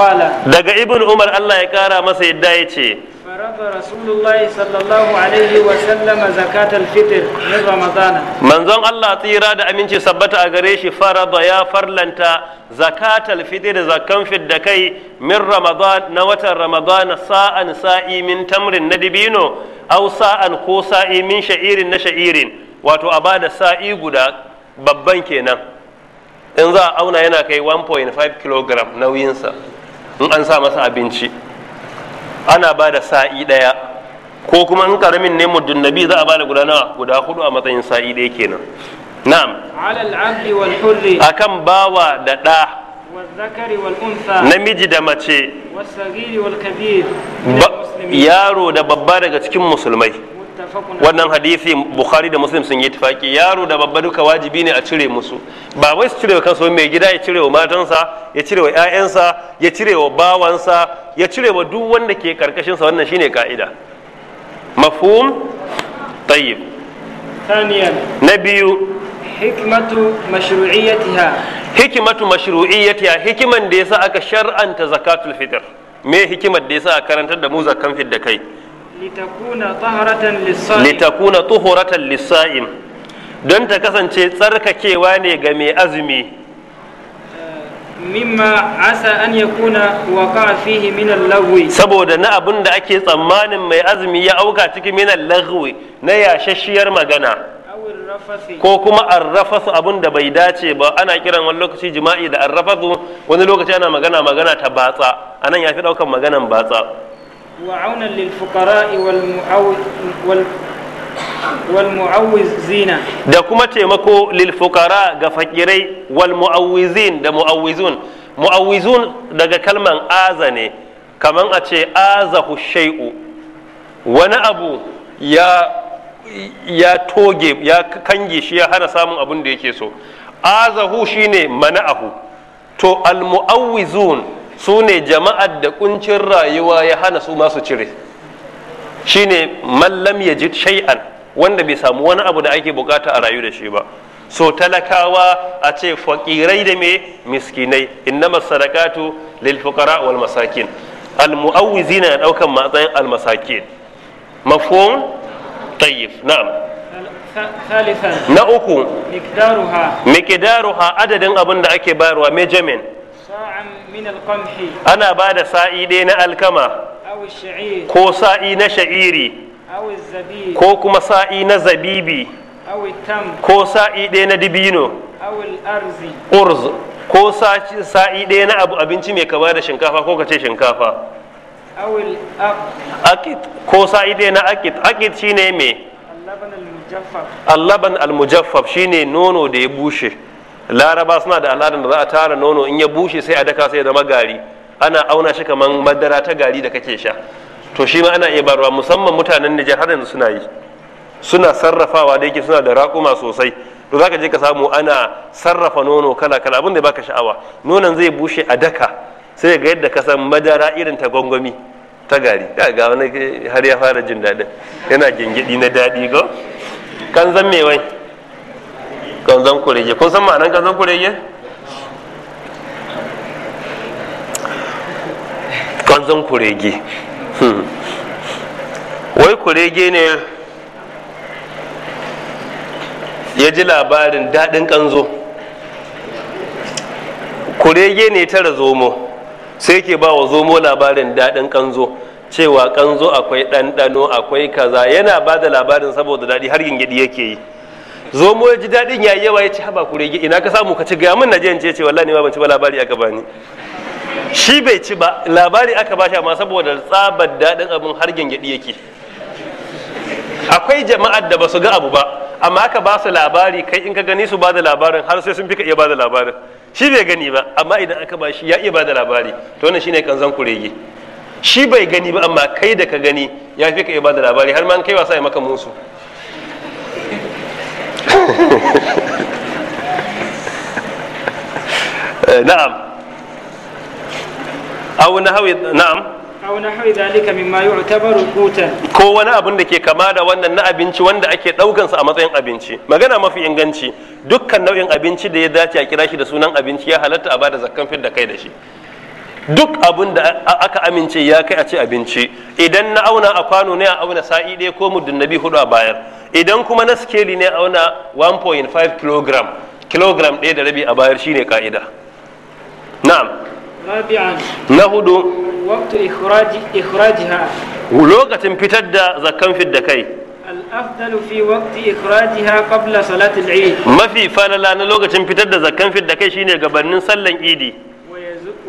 Speaker 1: daga ibn umar Allah ya kara masa yadda yace manzon allah tsira da aminci sabbata a gare shi farada ya farlanta zakat da zakan fit da kai min ramadan na watan ramadan sa'an sa'i min tamrin na dibino au sa'an ko sa'i min sha'irin na sha'irin wato a bada sa'i guda babban kenan in za a auna yana kai 1.5 kg nauyinsa in an sa masa abinci ana ba da sa'i ɗaya ko kuma in karamin ne muddun nabi za a ba da guda nawa guda hudu a matsayin sa'i ɗaya kenan na'am akan bawa da ɗa namiji da mace yaro da babba daga cikin musulmai wannan hadisi bukhari da muslim sun yi tufaki yaro da babba duka wajibi ne a cire musu ba wai su cire kansu mai gida ya cire wa matansa ya cire wa 'ya'yansa ya cire wa bawansa ya cire wa duk wanda ke karkashinsa wannan shine ka'ida mafhum tayyib na biyu hikmatu mashru'iyyatiha hikmatu mashru'iyyatiha hikiman da yasa aka shar'anta zakatul fitr me hikimar da yasa a karantar da mu zakan da kai litakuna tuhuratan lissa'im don ta kasance tsarkakewa ne ga mai azumi eh, mimma asa an yakuna waka fihi min al-lagwi saboda na abin da ake tsammanin mai azumi ya auka cikin min al-lagwi na yashashiyar magana ko kuma arrafasu abin da bai dace ba ana kiran wani lokaci jima'i da arrafasu wani lokaci ana magana magana ta batsa anan fi daukan maganan batsa
Speaker 2: وعونا للفقراء والمعوز وال da kuma taimako
Speaker 1: lil ga fakirai wal da muawizun muawizun daga kalman aza ne kaman a ce azahu shai'u. wani abu ya ya toge ya kange shi ya hana samun abin da yake so azahu shine mana'ahu to al su ne jama'ar da kuncin rayuwa ya hana su masu cire shi ne mallam ya ji shay'an wanda bai samu wani abu da ake bukata a rayu da shi ba so talakawa a ce fakirai da me miskinai innama masarakatu lil fuqara wal masakin al mu'awwizina na daukan matsayin al masakin mafhum tayyib na'am na uku miqdaruha adadin abin da ake bayarwa measurement ana ba da sa'i ɗaya na alkama ko sa'i na sha'iri ko kuma sa'i na zabibi ko sa'i ɗaya na dibino urz ko sa'i ɗaya na abu abinci mai kama da shinkafa ko kace shinkafa akit ko sa'i ɗaya na akit akit shine me allaban al-mujaffaf shine nono da ya bushe laraba suna da al'adar da za a tara nono in ya bushe sai a daka sai ya zama gari ana auna shi kamar madara ta gari da kake sha to shi ma ana iya barwa musamman mutanen Nijar har yanzu suna yi suna sarrafawa da yake suna da raƙuma sosai to zaka je ka samu ana sarrafa nono kala kala abin da baka sha'awa nonon zai bushe a daka sai ga yadda ka san madara irin ta gwangwami ta gari ga wani har ya fara jin daɗin yana gingidi na daɗi ga kan zan mai wai ganzon kurege kun san ma'anar ganzon kurege ganzon kurege hmm. wai kurege ne ya ji labarin daɗin ƙanzo kurege ne tara zomo sai ke ba wa zomo labarin daɗin ƙanzo cewa ƙanzo akwai ɗanɗano akwai kaza yana ba da labarin saboda daɗi har gingidi yake yi zomo ya ji daɗin yi yawa ya ci haba kurege ina ka samu ka ci ga min naje je ce ce wallahi ni ma ban ci ba labari aka bani shi bai ci ba labari aka ba shi amma saboda tsabar daɗin abin har gengedi yake akwai jama'ar da basu ga abu ba amma aka ba su labari kai in ka gani su ba da labarin har sai sun fi ka iya ba da labarin shi bai gani ba amma idan aka ba shi ya iya ba da labari to wannan shine kanzan kurege shi bai gani ba amma kai da ka gani ya fi ka iya ba da labari har ma an kai wasa ya maka musu Eh, na'am aw ko wani abin da ke kama da wannan na abinci wanda ake daukan sa a matsayin abinci magana mafi inganci dukkan nau'in abinci da ya dace a kira shi da sunan abinci ya halatta a bada zakkan da kai da shi duk abun da aka amince ya kai a ce abinci idan na auna a kwano ne a auna sa'i ɗaya ko muddin nabi hudu a bayar idan kuma na skeli ne auna 1.5 kg kilogram ɗaya da rabi a bayar shine ka'ida na'am
Speaker 2: na hudu lokacin fitar da zakan zakkan da kai الأفضل fi وقت إخراجها ha kabla Salatin ما Mafi
Speaker 1: فلان لأن lokacin fitar da zakan zakkan da kai shi ne gabanin sallan idi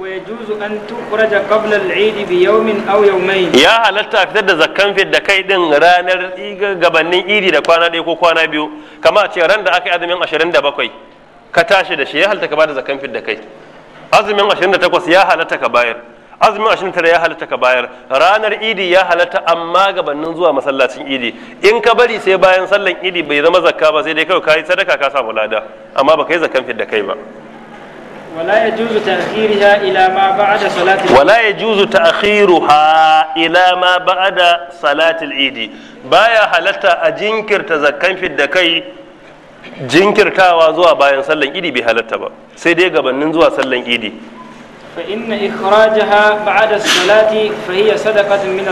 Speaker 2: ويجوز أن تخرج قبل العيد بيوم أو يومين
Speaker 1: يا هل تأكد إذا كان في الدكايد ران الإيجا قبل إيدي دكوانا دي كوانا بيو كما تيران دا أكي أدمين عشرين دا بكوي كتاش دا شيء da تكبر إذا كان في الدكايد أزمين عشرين دا تقوس يا هل تكبر azumin ashirin tare ya halatta ka bayar ranar idi ya halatta amma gabanin zuwa masallacin idi in ka bari sai bayan sallan idi bai zama zakka ba sai dai kawai ka yi sadaka ka samu lada amma ba ka yi zakkan da kai ba
Speaker 2: wala ya juzu ta akhiruha ila ma
Speaker 1: ba'ada salatul idi baya halarta a jinkirta zakkan da kai jinkirtawa zuwa bayan sallan idi bai halarta ba sai dai gabanin zuwa sallan idi
Speaker 2: فإن إخراجها بعد الصلاة فهي صدقة من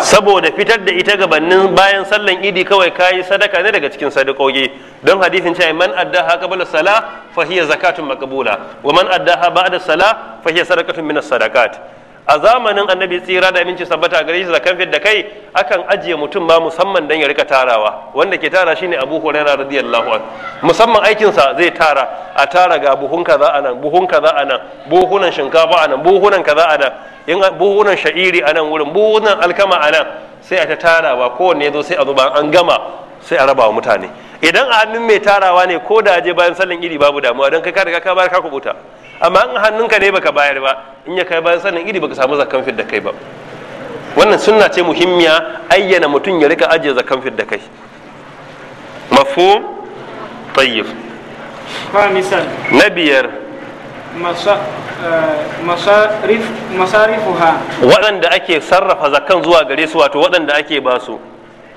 Speaker 2: saboda fitar da ita
Speaker 1: gabanin bayan sallan idi kawai kayi sadaka ne daga cikin sadakoki don hadisin cewa man addaha qabla salah sala hiya zakatun makabula wa man addaha ba'da sala fa hiya sadaqatun min a zamanin annabi tsira da aminci sabbata gare shi zakan fit da kai akan ajiye mutum ma musamman dan ya rika tarawa wanda ke tara shine Abu Hurairah radiyallahu anhu musamman aikin sa zai tara a tara ga buhun kaza anan buhun kaza anan buhunan shinkafa anan buhunan kaza anan in buhunan sha'iri anan wurin buhunan alkama anan sai a ta tarawa kowanne ya zo sai a zo an gama sai a raba wa mutane idan a hannun mai tarawa ne ko da je bayan sallan iri babu damuwa don kai ka riga ka bayar ka kubuta amma in hannunka ne baka bayar ba in ya kai bayan sallan iri baka samu zakkan fidda kai ba wannan sunna ce muhimmiya ayyana mutum ya rika ajiye zakkan fidda kai mafhum tayyib khamisan na biyar eh,
Speaker 2: masarifuha waɗanda
Speaker 1: ake sarrafa zakkan zuwa gare su wato waɗanda ake ba su.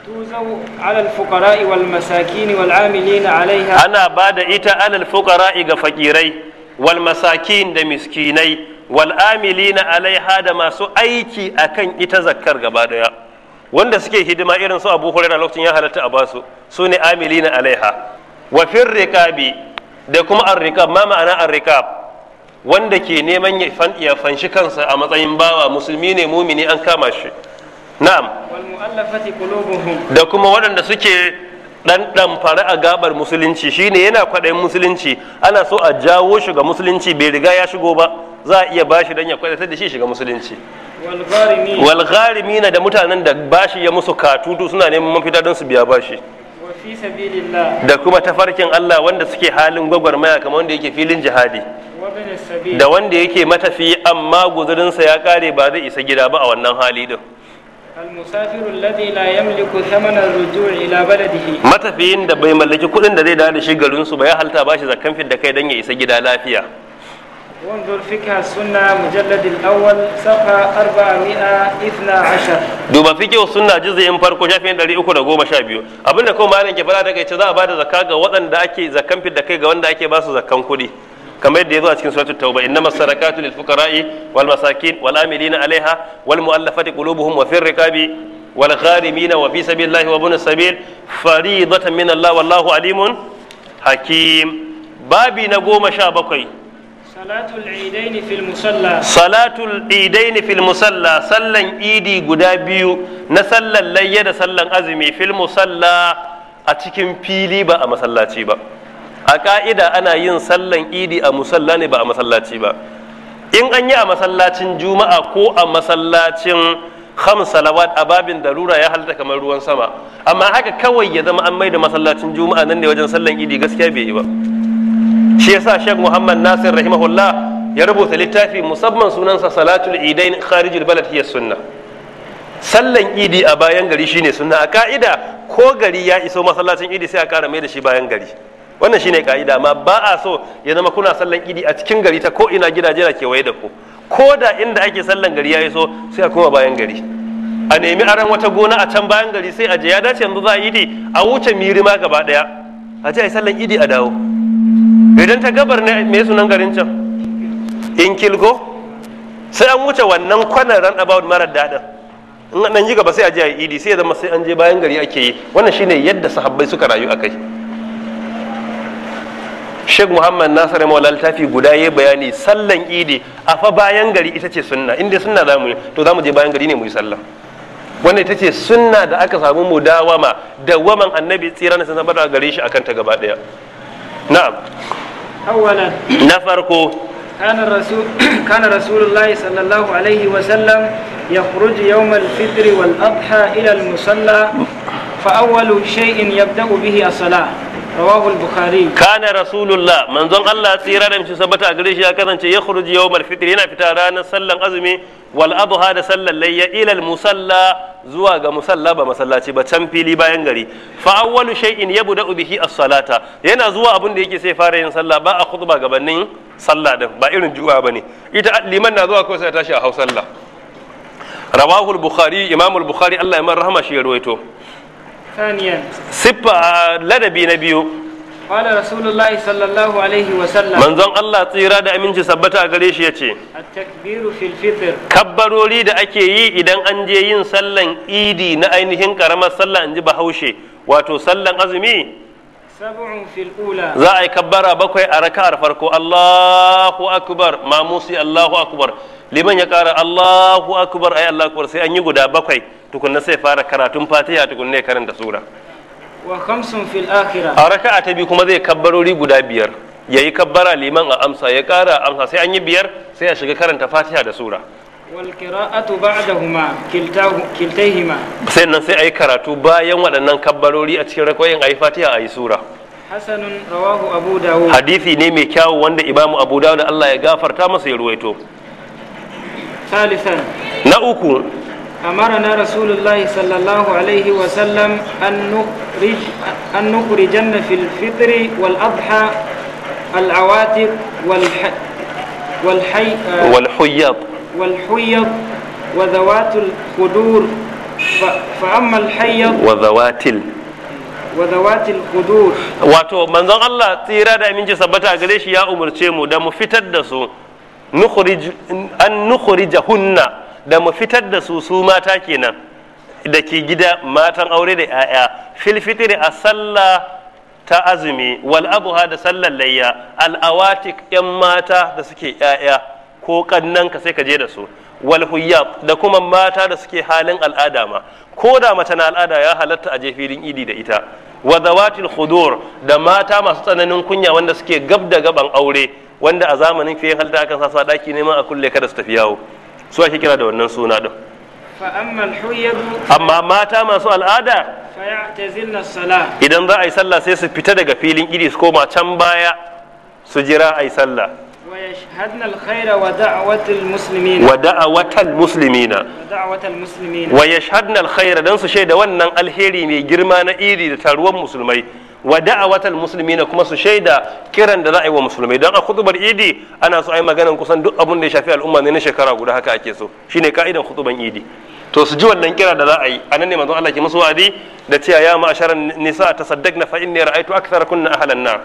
Speaker 2: ana ba da
Speaker 1: ita alal fuqara'i ga fakirai wal masakin da miskinai wal amilina alaiha da masu aiki akan ita zakkar gaba daya wanda suke hidima irin su Abu Hurairah lokacin ya halatta a basu su ne amilina alaiha wa fir riqabi da kuma ar-riqab ma ma'ana ar-riqab wanda ke neman ya fanshi kansa a matsayin bawa musulmi ne mumini an kama shi na'am da kuma waɗanda suke dan fara a gabar musulunci shine yana kwaɗayin musulunci ana so a jawo shi ga musulunci bai riga ya shigo ba za a iya bashi dan ya kwaɗatar da shi shiga musulunci walgharimina da mutanen da bashi ya musu katutu suna neman mafita don su biya bashi da kuma tafarkin Allah wanda suke halin gwagwarmaya kamar wanda yake filin jihadi da wanda yake matafi amma guzurinsa ya kare ba zai isa gida ba a wannan hali din matafiyin da bai mallaki kuɗin da zai dawo da shi garin su ba ya halta bashi zakkan fidda kai dan ya isa gida lafiya
Speaker 2: wanzur fikha sunna mujallad al-awwal safa
Speaker 1: 412 duba fikhi sunna juz'in farko shafin 312 abinda kuma malam ke fara daga ce za a bada zakka ga waɗanda ake zakkan fidda kai ga wanda ake basu zakkan kuɗi kamar yadda ya zo a cikin suratul tauba innama sadaqatu lil fuqara'i wal masakin wal amilina alaiha wal mu'allafati qulubuhum wa fir riqabi wal gharimina wa fi sabilillahi wa ibn sabil faridatan min Allah wallahu alimun hakim babi na goma sha bakwai
Speaker 2: salatul idaini fil musalla salatul
Speaker 1: idaini fil musalla sallan idi guda biyu na sallan layya da sallan azumi fil musalla a cikin fili ba a masallaci ba a ka'ida ana yin sallan idi a musalla ne ba a masallaci ba in an yi a masallacin juma'a ko a masallacin kham salawat a babin darura ya halatta kamar ruwan sama amma haka kawai ya zama an maida masallacin juma'a nan ne wajen sallan idi gaskiya bai yi ba shi yasa shek Muhammad Nasir rahimahullah ya rubuta littafi musamman sunansa salatul idain kharijul balad hiya sunna sallan idi a bayan gari shine sunna a ka'ida ko gari ya iso masallacin idi sai a kara mai da shi bayan gari wannan shine ka'ida amma ba a so ya zama kuna sallan idi a cikin gari ta ko ina gidaje ke kewaye da ku ko da inda ake sallan gari yayi so sai a koma bayan gari a nemi aran wata gona a can bayan gari sai a je ya dace yanzu za a idi a wuce miri ma gaba daya a je a yi sallan idi a dawo idan ta gabar ne me sunan garin can in kilgo sai an wuce wannan kwanan ran about marar daɗin in nan yi gaba sai a je a yi idi sai ya zama sai an je bayan gari ake yi wannan shine yadda sahabbai suka rayu a kai sheikh muhammad nasir maula littafi guda ya bayani sallan idi a fa bayan gari ita ce sunna inda sunna zamu yi to zamu je bayan gari ne mu yi sallah wannan ita ce sunna da aka samu mu dawama dawaman annabi tsira na sanar da gare shi akan ta gaba daya na'am
Speaker 2: awwalan na farko كان الرسول كان رسول الله صلى الله عليه وسلم يخرج يوم الفطر والأضحى إلى المصلى فأول شيء يبدأ به الصلاة kana rasulullah
Speaker 1: manzon Allah tsira da mishi sabata a gare shi ya kasance ya khuruji yana fita ranar sallan azumi wal adha da sallan layya ila musalla zuwa ga musalla ba masallaci ba can fili bayan gari fa awwalu shay'in yabda bihi as-salata yana zuwa abun da yake sai fara yin sallah ba a khutba gabanin sallah da ba irin juma'a bane ita liman na zuwa ko sai tashi a hausallah rawahu al-bukhari imam al-bukhari Allah ya man rahama shi ya ruwaito siffa ah, ladabi na biyu
Speaker 2: Qala Rasulullahi
Speaker 1: sallallahu alaihi wa sallam Manzon Allah tsira da aminci sabbata a gare shi ya ce Kabbarori da ake yi idan an je yin sallan Idi na ainihin karamar sallah ji Bahaushe wato sallan azumi
Speaker 2: za
Speaker 1: a yi kabbara bakwai a raka'ar farko Allahu akbar mamusi Allahu akbar liman ya kara Allahu akbar ayi Allahu akbar sai an yi guda bakwai tukunna sai fara karatun Fatiha tukunna ya karanta sura
Speaker 2: wa khamsun fil
Speaker 1: akhirah a raka'a ta biyu kuma zai kabbarori guda biyar yayi kabbara liman a amsa ya kara amsa sai an yi biyar sai a shiga karanta Fatiha da sura
Speaker 2: walƙira'atu ba'dahuma kiltahima
Speaker 1: sannan sai a yi karatu bayan waɗannan kabbarori a cikin rakoyin ayi fatiha yi sura
Speaker 2: hasanun rawahu abu dawud
Speaker 1: hadisi ne mai kyawu wanda imamu abu dawud Allah ya gafarta masa ya ruwaito
Speaker 2: salisan na uku amara na الله sallallahu alaihi wa sallam an نخرج janna نخرجن في الفطر والأضحى العواتق والحيض وذوات الخدور فأما الحيض وذوات وذوات الخدور Allah tsira da
Speaker 1: aminci sabbata gare shi ya umurce mu da mu fitar da su nukhrij an nukhrijahunna da mu fitar da su su mata kenan da ke gida matan aure da 'ya'ya fil fitri a sallah ta azumi wal abuha da sallar layya al awatik 'yan mata da suke 'ya'ya ko kannanka sai ka je da su wal da kuma mata da suke halin al'ada ma ko da mace na al'ada ya halatta a je filin idi da ita wa zawatil khudur da mata masu tsananin kunya wanda suke gab da gaban aure wanda a zamanin fiye halta akan sa daki neman a kulle kada su tafi yawo su ake kira da wannan suna din
Speaker 2: amma mata masu al'ada
Speaker 1: idan za a yi sallah sai su fita daga filin idi su koma can baya su jira a yi sallah
Speaker 2: ويشهدن الخير ودعوة المسلمين
Speaker 1: ودعوة المسلمين
Speaker 2: ودعوة المسلمين
Speaker 1: ويشهدن الخير دان su shaida wannan alheri mai girma na iri da taruwan musulmai wa da'awatal musulmina kuma su shaida kiran da za a yi wa musulmai don a khutubar idi ana so ai maganan kusan duk abun da ya shafi al'umma ne na shekara guda haka ake so shine ka'idan khutuban idi to su ji wannan kira da za yi anan ne manzon Allah ke musu wa'adi da cewa ya ma'asharan nisa tasaddaqna fa inni ra'aytu aktharakunna ahlan nar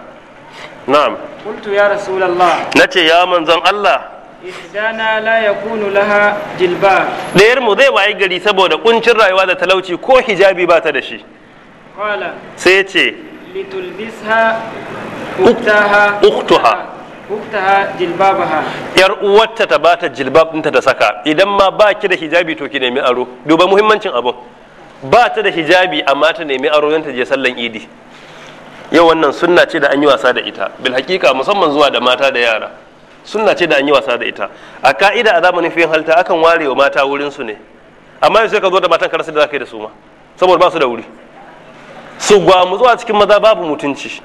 Speaker 1: na'am
Speaker 2: qultu ya rasulullah
Speaker 1: nace ya manzon Allah
Speaker 2: ihdana la yakunu
Speaker 1: laha jilba dayar mu zai wayi gari saboda ƙuncin rayuwa da talauci ko hijabi ba da shi qala sai ce
Speaker 2: litulbisha uktaha uktaha uktaha jilbabaha
Speaker 1: yar uwarta ta bata jilbab ɗinta ta saka idan ma ba ki da hijabi to ki nemi aro duba muhimmancin abun Bata da hijabi amma ta nemi aro don ta je sallan idi yau wannan sunna ce da an yi wasa da ita bil hakika musamman zuwa da mata da yara sunna ce da an yi wasa da ita a ka'ida a zamanin fiye halta akan warewa mata wurin su ne amma yanzu ka zo da matan karasa da a yi da su ma saboda ba su da wuri su gwamu zuwa cikin maza babu mutunci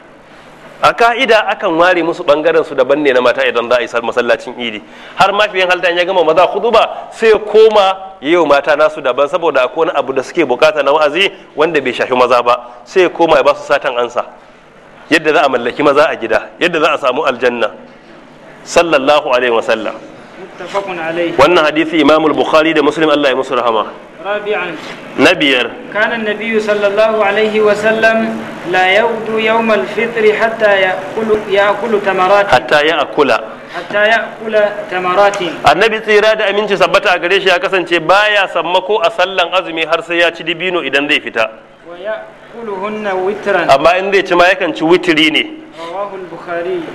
Speaker 1: a ka'ida akan ware musu bangaren su daban ne na mata idan za a yi masallacin idi har ma fiye halta ya gama maza ba sai koma yau mata nasu daban saboda akwai wani abu da suke bukata na wa'azi wanda bai shafi maza ba sai koma ya ba su satan ansa yadda za a mallaki maza a gida yadda za a samu aljanna sallallahu alaihi wasallam wannan hadisi imam bukhari da muslim Allah ya musu rahama rabi'an na biyar
Speaker 2: kana nabiyyu sallallahu alaihi wasallam la yawdu yawm al-fitr hatta ya'kulu ya'kulu tamarat
Speaker 1: hatta ya'kula
Speaker 2: hatta kula tamaratin annabi tsira da aminci
Speaker 1: sabbata a gare shi ya kasance baya sammako a sallan azumi har sai ya ci dibino idan zai fita amma in zai ci ma yakan ci witiri ne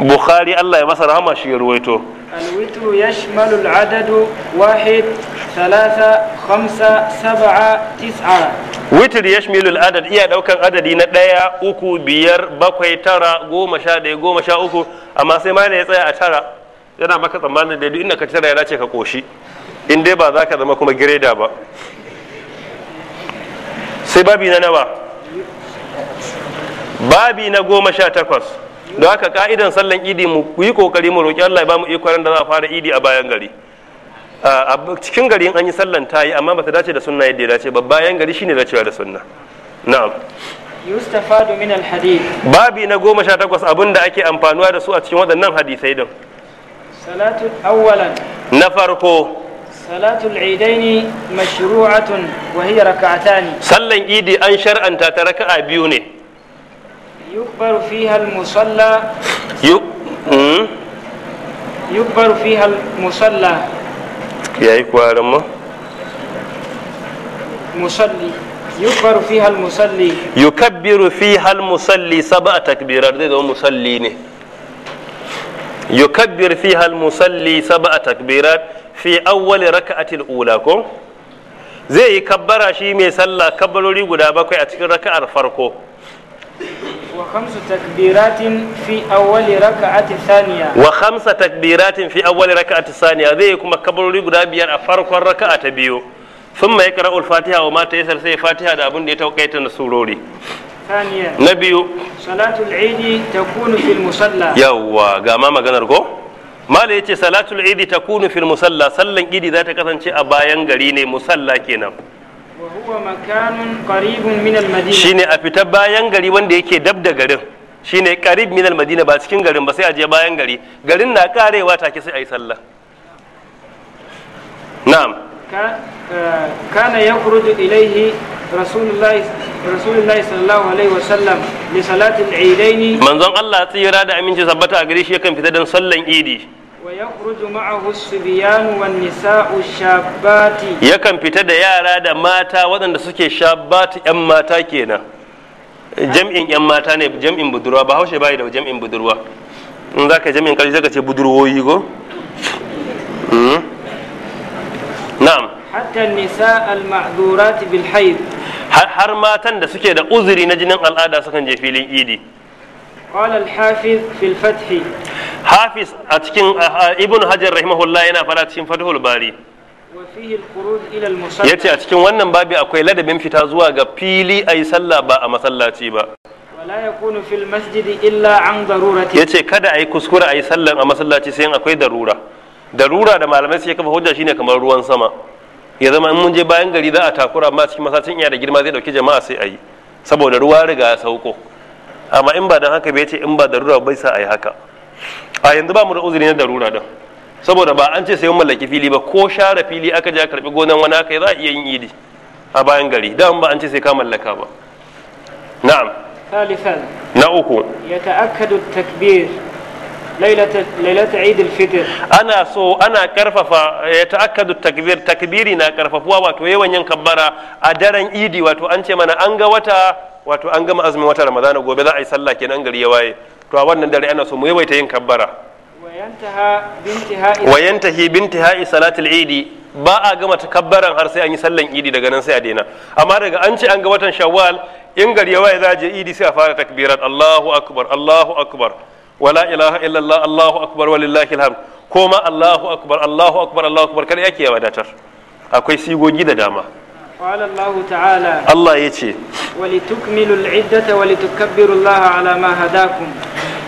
Speaker 1: bukhari allah ya masa rahama shi ya ruwaito
Speaker 2: alwitru yashmalu adadu wahid talata khamsa sab'a tis'a
Speaker 1: witr yashmilu adadu iya daukan adadi na ɗaya uku biyar bakwai tara goma sha ɗaya goma sha uku amma sai ma ya tsaya a tara yana maka tsammanin da duk inda ka tara ya dace ka koshi in dai ba za ka zama kuma gireda ba sai babi na nawa babi na goma sha takwas don haka ka'idan sallan idi mu yi kokari mu roƙi Allah ya bamu ikon da za a fara idi a bayan gari a cikin gari an yi sallan ta yi amma bata dace da sunna yadda ya dace ba bayan gari shine dacewa da sunna na'am
Speaker 2: yustafadu min alhadith
Speaker 1: babi na goma sha takwas abinda ake amfanuwa da su a cikin waɗannan hadisai din
Speaker 2: salatu awwalan
Speaker 1: na farko
Speaker 2: salatul idaini mashru'atun wa hiya rak'atani sallan idi an shar'anta ta raka'a biyu ne يكبر فيها المصلى يكبر فيها المصلى
Speaker 1: يا يكبر ما
Speaker 2: مصلي يكبر فيها المصلي
Speaker 1: يكبر فيها المصلي سبع تكبيرات ده مصلي ne yukabbir fiha al-musalli sab'a takbirat fi awwal raka'atil ula ko zai yi kabbara shi mai sallah kabbarori guda bakwai a cikin raka'ar farko
Speaker 2: wa hamsa takbiratin fi awwali
Speaker 1: raka'ati thaniya zai kuma kabarori guda biyar a farkon raka'a ta biyu sun mai kara a wa mata yasar sai fatiha da abin da ya taukaita na surori na biyu
Speaker 2: salatul idi ta kunu fil musalla
Speaker 1: yawwa ga ma maganar ko mala yace salatul idi ta kunu fil musalla sallan idi za ta kasance a bayan gari ne musalla kenan shi ne a fita bayan gari wanda yake dab da garin shi ne karib minal madina ba cikin garin ba sai a je bayan gari garin na karewa take sai yi sallah na'am
Speaker 2: kana yakhruju ilayhi rasulullahi rasulullahi sallallahu alaihi wa sallam li salati manzon Allah tsira da aminci sabbata
Speaker 1: a gare shi yakan fita don sallan idi
Speaker 2: ويخرج معه الصبيان والنساء الشابات
Speaker 1: يكن fita da yara da mata waɗanda suke shabbat yan mata kenan jam'in yan mata ne jam'in budurwa ba haushe bai da jam'in budurwa in za ka jam'in karshe zaka ce budurwoyi go hmm? na'am
Speaker 2: hatta nisa al-ma'durat bil har matan da
Speaker 1: suke da uzuri na jinin al'ada sukan je filin idi
Speaker 2: قال a في الفتح
Speaker 1: Rahima أتكين yana حجر رحمه الله ينا ya ce a cikin wannan babi akwai ladabin fita zuwa ga fili a yi sallah ba a masallaci ba ya ce kada a yi kuskura a yi sallah a masallaci sai akwai darura darura da malamai ya kafa hujja shine kamar ruwan sama ya zama in mun je bayan gari za a takura amma cikin masallacin iya da girma zai dauki jama'a sai a yi saboda ruwa riga ya sauko amma in ba dan haka bai ce in ba darura bai sa a yi haka a yanzu ba mu da uzuri na darura din saboda ba an ce sai mun mallaki fili ba ko share fili aka je a karbi gonan wani aka za a iya yin idi a bayan gari da ba an ce sai ka mallaka ba na'am ثالثا na uku
Speaker 2: ta'akkadu takbir. lailata idil fitr
Speaker 1: ana so ana karfafa ya ta'akkadu takbiri na karfafuwa wato yawan yin kabbara a daren idi wato an ce mana an ga wata wato an gama azumin wata ramadana gobe za a yi sallah kenan gari to a wannan dare ana so mu yawaita yin kabbara wayantahi bintihai salatul idi ba a gama takabbaran har sai an yi sallan idi daga nan sai a daina amma daga an ce an ga watan shawwal in gari ya waye za a je idi sai a fara takbirat Allahu akbar Allahu akbar wala ilaha illallah Allahu akbar walillahi alhamd ko ma Allahu akbar Allahu akbar Allahu akbar kada yake ya wadatar akwai sigogi da dama
Speaker 2: قال الله تعالى
Speaker 1: الله يتي
Speaker 2: ولتكملوا العدة ولتكبروا الله على ما هداكم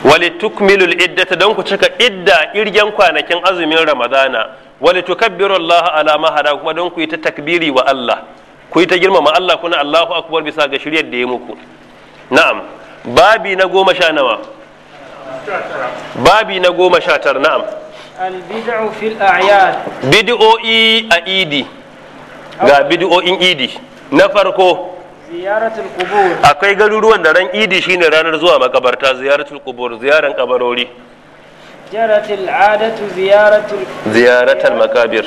Speaker 2: ولتكملوا
Speaker 1: العدة دونك تشكا عدة إرجان kwanakin azumin Ramadana ولتكبروا الله على ما هداكم دونك يتكبيري والله ku yi ta girmama Allah kuna Allahu akbar bisa ga shirya da ya muku na'am babi na goma sha nawa babi na goma sha tara na'am bidi'o'i a idi ga bidi'o'in idi na farko akwai garuruwan da ran idi shine ranar zuwa makabarta ziyaratul kubur ziyaran kabarori
Speaker 2: jaratul adatu ziyaratul
Speaker 1: ziyaratul makabir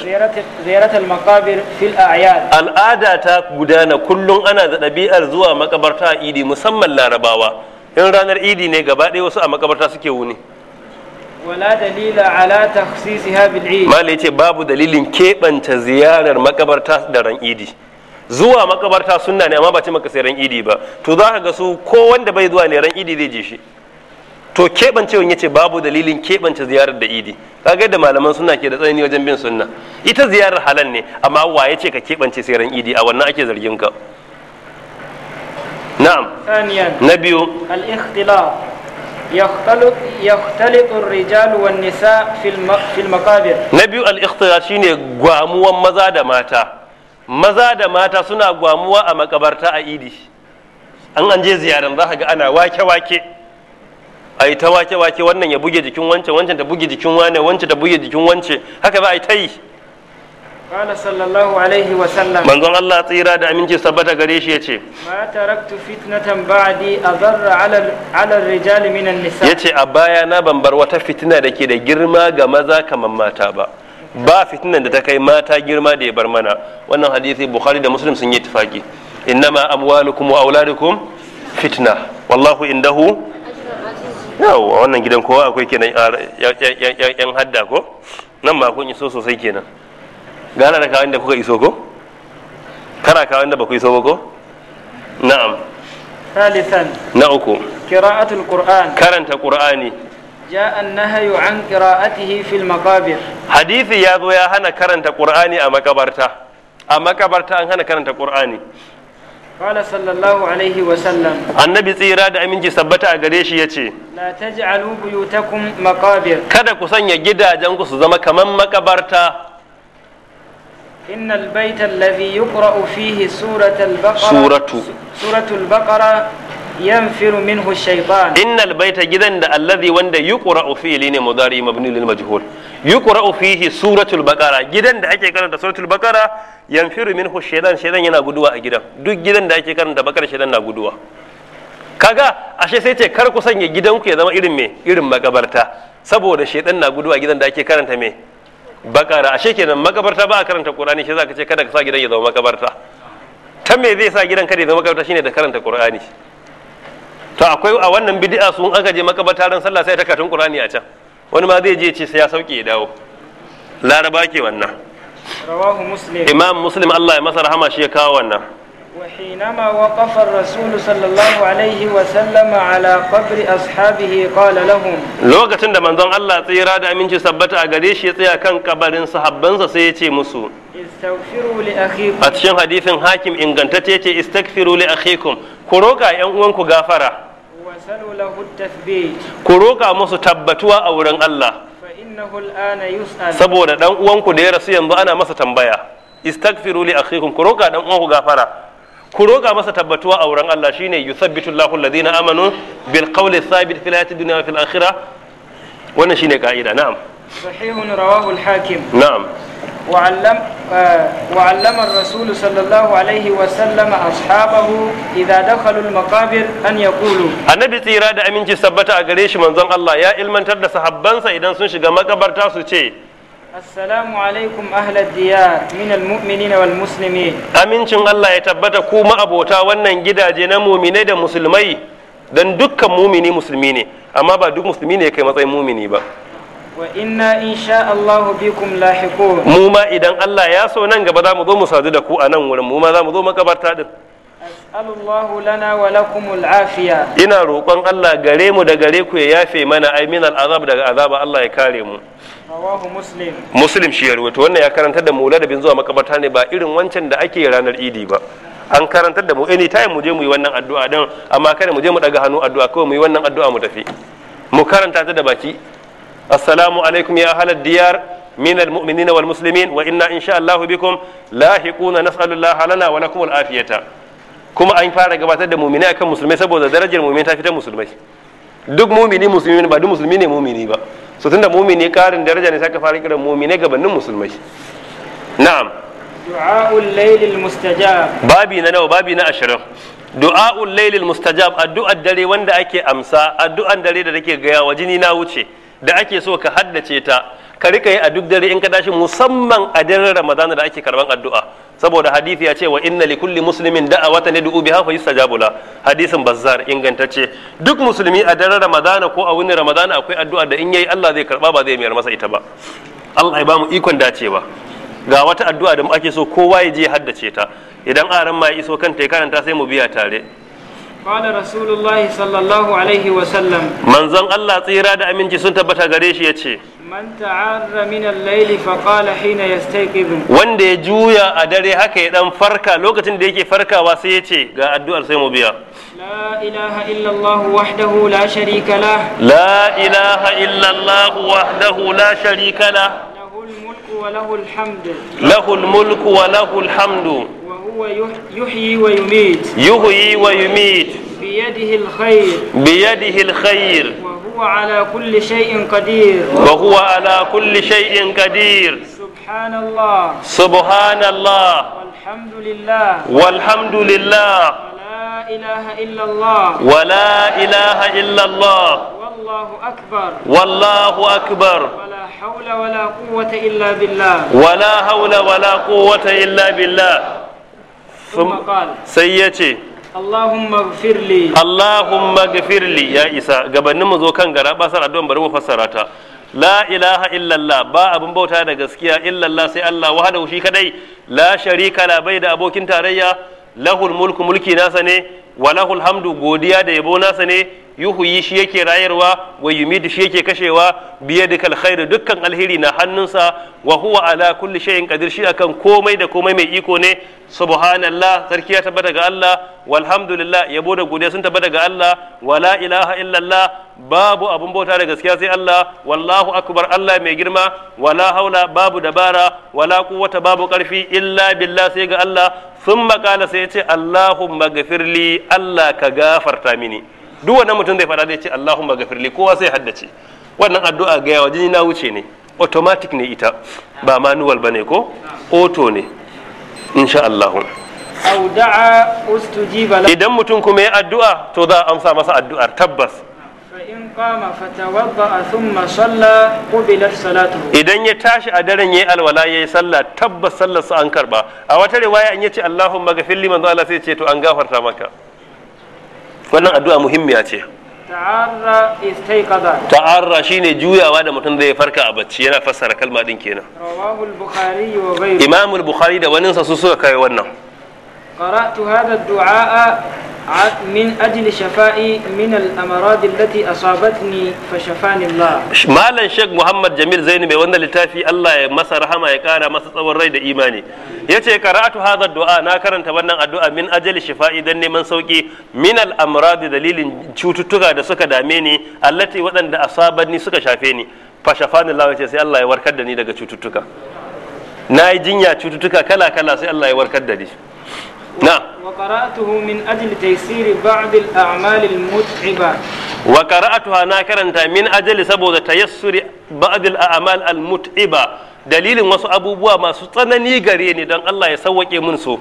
Speaker 2: makabir fil a'yad
Speaker 1: al'ada ta gudana kullun ana da dabi'ar zuwa makabarta idi musamman larabawa in ranar idi ne gaba ɗaya wasu a makabarta suke wuni wala dalila ala takhsisiha bil eid malai ce babu dalilin keɓanta ziyarar makabarta da ran idi zuwa makabarta sunna ne amma ba ce maka sai ran idi ba to za ka ga su ko wanda bai zuwa ne ran idi zai je shi to keɓance ya ce babu dalilin keɓance ziyarar da idi Ka ga da malaman suna ke da tsanani wajen bin sunna ita ziyarar halal ne amma waye ya ce ka keɓance sai ran idi a wannan ake zargin ka
Speaker 2: نعم ثانيا نبي الاختلاط يختلط يختلط الرجال والنساء في في المقابر نبي الاختلاط شيني غواموا
Speaker 1: مزا da mata maza da mata suna gwamuwa a makabarta a idi an an je za ka ana wake-wake a ta wake-wake wannan ya buge jikin wancan wancan ta buge jikin wane wancan ta buge jikin wance haka ba a yi ta yi
Speaker 2: Kala sallallahu alaihi wa sallam. Manzon
Speaker 1: Allah tsira da aminci sabbata gare shi ya Ma
Speaker 2: taraktu fitnatan ba'di azarra 'ala rijali nisa
Speaker 1: Yace a baya na ban bar wata fitina da ke da girma ga maza kamar mata ba. Ba fitinan da ta kai mata girma da ya bar mana. Wannan hadisi Bukhari da Muslim sun yi tufaki. Innama amwalukum wa auladukum fitna. Wallahu indahu yawa wannan gidan kowa akwai kenan yan hadda ko nan ma kun iso sosai kenan gara da kawai da kuka iso ko kana kawai da baku iso ba ko na'am
Speaker 2: ثالثا نأكو قراءة القرآن كرنت قرآني جاء النهي an قراءته في المقابر
Speaker 1: Hadisi ya zo ya hana karanta قرآني a makabarta. A makabarta an hana karanta قرآني
Speaker 2: قال sallallahu alaihi wa sallam.
Speaker 1: Annabi tsira da aminci sabbata a gare shi yace
Speaker 2: la taj'alu buyutakum
Speaker 1: maqabir kada ku sanya gidajen ku su zama kaman makabarta
Speaker 2: إن البيت الذي يقرأ فيه سورة البقرة سورة سورة البقرة ينفر منه الشيطان إن البيت جدا الذي وند يقرأ
Speaker 1: فيه لين مضاري مبني للمجهول يقرأ فيه سورة البقرة جدا da ake karanta suratul baqara yanfiru minhu shaytan shaytan yana guduwa a gidan duk gidan da ake karanta bakara shaytan na guduwa kaga ashe sai ce kar ku sanya gidanku ya zama irin me irin magabarta saboda shaytan na guduwa gidan da ake karanta bakara ashe kenan makabarta ba a karanta qur'ani shi zaka ce kada ka sa gidan ya zama makabarta ta me zai sa gidan kada ya zama makabarta shine da karanta qur'ani to akwai a wannan bid'a sun aka je makabarta ran sallah sai ta katun qur'ani a can wani ma zai je ce sai ya sauke ya dawo laraba ke wannan
Speaker 2: rawahu muslim imam
Speaker 1: muslim Allah ya masa rahama shi ya kawo wannan
Speaker 2: وحينما وقف الرسول صلى الله عليه وسلم على قبر أصحابه قال لهم
Speaker 1: لوقتين من ذن الله تيرا دا من جسبت أغريش يتيا كان قبرين صحبان سيتي مسو
Speaker 2: استغفروا لأخيكم
Speaker 1: أتشن حديث حاكم إن تيتي استغفروا لأخيكم كروكا ينقوانك غافرة وسلوا
Speaker 2: له التثبيت
Speaker 1: كروكا مسو تبتوا أوران الله
Speaker 2: فإنه الآن يسأل سبورة
Speaker 1: دان uwanku da ya rasu yanzu ana masa استغفروا لأخيكم كروكا دان uwanku gafara ku roƙa masa tabbatuwa a wurin Allah shine yuthabbitu Allahu alladhina amanu bil qawli thabit fil hayati dunya wa fil akhirah wannan shine ka'ida na'am na'am
Speaker 2: wa allam uh, wa ashabahu idza dakhalu al an
Speaker 1: annabi tsira da aminci sabbata a gare shi manzon Allah ya ilmantar da sahabbansa idan sun shiga makabarta su ce
Speaker 2: Assalamu alaikum ahlad diyar min almu'minina wal muslimin Amincin Allah ya tabbata ku
Speaker 1: abota wannan gidaje na mu'minai da musulmai dan dukkan mumini musulmi ne amma ba duk musulmi ne kai matsayin mumini ba
Speaker 2: wa inna insha Allah bikum lahiqun mu ma idan Allah ya
Speaker 1: so nan gaba za mu zo mu sadu da ku a nan wurin mu ma za mu zo makabarta din
Speaker 2: as'alullahu lana wa lakum al'afiya
Speaker 1: ina roƙon Allah gare mu da gare ku ya yafe mana ai min al'azab daga azaba Allah ya kare mu muslim shi ya ruwaito wannan ya karanta da mu bin zuwa makabarta ne ba irin wancan da ake ranar idi ba an karantar da mu ni time mu je mu yi wannan addu'a dan amma kada mu je mu daga hannu addu'a ko mu yi wannan addu'a mu tafi mu karanta ta da baki assalamu alaikum ya ahlal diyar min almu'minin wal muslimin wa inna insha Allah bikum lahiquna nas'alu Allah lana wa lakum al afiyata kuma an fara gabatar da mu'mini akan musulmai saboda darajar mu'mini ta fita musulmai duk mumini musulmi ba duk musulmi ne mumini ba so tunda mumini karin daraja ne saka fara kiran mumini gabanin musulmai na'am
Speaker 2: du'a'ul laylil mustajab
Speaker 1: babi na nawa babi na 20 du'a'ul laylil mustajab addu'ar dare wanda ake amsa addu'an dare da take gaya wa jini na wuce da ake so ka haddace ta ka rika yi a duk dare in ka tashi musamman a daren ramadana da ake karban addu'a saboda hadisi ya ce wa inna li kulli muslimin da'awatan yad'u biha fa yustajabu la hadisin bazzar ingantacce duk musulmi a daren ramadana ko a wani ramadana akwai addu'a da in yayi Allah zai karba ba zai mayar masa ita ba Allah ya bamu ikon dacewa ga wata addu'a da mu ake so kowa ya je haddace ta idan aran ma ya iso kanta ya karanta sai mu biya tare قال رسول الله صلى الله عليه وسلم من tsira da aminci sun tabbata gare shi yace wanda ya juya a dare haka ya dan farka lokacin da yake farkawa sai ya ce ga addu'ar sai mu biya
Speaker 2: la ilaha illallah wahdahu la sharika la la ilaha illallah
Speaker 1: la lahul mulku wa lahul hamdu
Speaker 2: wa yuhyi wa yumit biyadihi alkhair وهو على كل شيء قدير وهو على كل شيء قدير سبحان الله سبحان الله والحمد لله
Speaker 1: والحمد لله ولا
Speaker 2: إله إلا الله
Speaker 1: ولا إله إلا الله
Speaker 2: والله أكبر
Speaker 1: والله أكبر ولا
Speaker 2: حول ولا قوة إلا بالله
Speaker 1: ولا حول ولا قوة إلا بالله ثم قال سيتي
Speaker 2: Allahumma
Speaker 1: gfirli Allahumma gfirli ya isa gabanin mu zo kan gara basar don bari mu fassara ta la ilaha illallah ba abin bauta da gaskiya illallah sai Allah wahdahu shi kadai la sharika la bai da abokin tarayya lahul mulku mulki nasa ne wa lahul hamdu godiya da yabo nasa ne yuhuyi shi yake rayarwa wa yumidu shi yake kashewa biyadika alkhairu dukkan alheri na hannunsa wa huwa ala kulli shay'in qadir shi akan komai da komai mai iko ne subhanallah sarki ya tabbata ga Allah walhamdulillah yabo da godiya sun tabbata ga Allah wala ilaha illallah babu abun bauta da gaskiya sai Allah wallahu akbar Allah mai girma wala haula babu dabara wala quwwata babu karfi illa billah sai ga Allah sun makala sai ya ce Allahumma gafirli Allah ka gafarta mini duk wannan mutum zai faɗa zai ce Allahumma gafirli kowa sai haddace wannan addu'a ga yawa jini na wuce ne automatic ne ita ba manual bane ko auto ne insha Allah idan mutum kuma ya addu'a to za a amsa masa addu'ar tabbas idan ya tashi a daren yayi alwala yayi sallah tabbas sallar su an karba a wata riwaya an yace Allahumma gafirli manzo Allah sai ce to an gafarta maka wannan addu'a muhimmiya ce ta'arra shine juyawa da mutum zai farka a bacci yana fassara kalma din kenan imamul bukhari da waninsa su suka kai wannan
Speaker 2: قرأت هذا الدعاء min ajli shafa'i min al-amrad allati asabatni fa shafani
Speaker 1: malam Sheikh Muhammad Jamil Zaini mai wannan littafi Allah ya masa rahama ya kara masa tsawon rai da imani yace karatu hadha du'a na karanta wannan addu'a min ajali shafa'i dan neman sauki minal al-amrad dalilin cututtuka da suka dame ni allati waɗanda asabatni suka shafe ni fa shafani Allah yace sai Allah ya warkar da ni daga cututtuka na yi jinya cututtuka kala kala sai Allah ya warkar da ni
Speaker 2: نعم وقرأته من أجل تيسير بعض min المتعبة
Speaker 1: saboda ناكرنتا من أجل سبوة dalilin wasu abubuwa masu tsanani gare ni dan Allah ya sauwaƙe mun so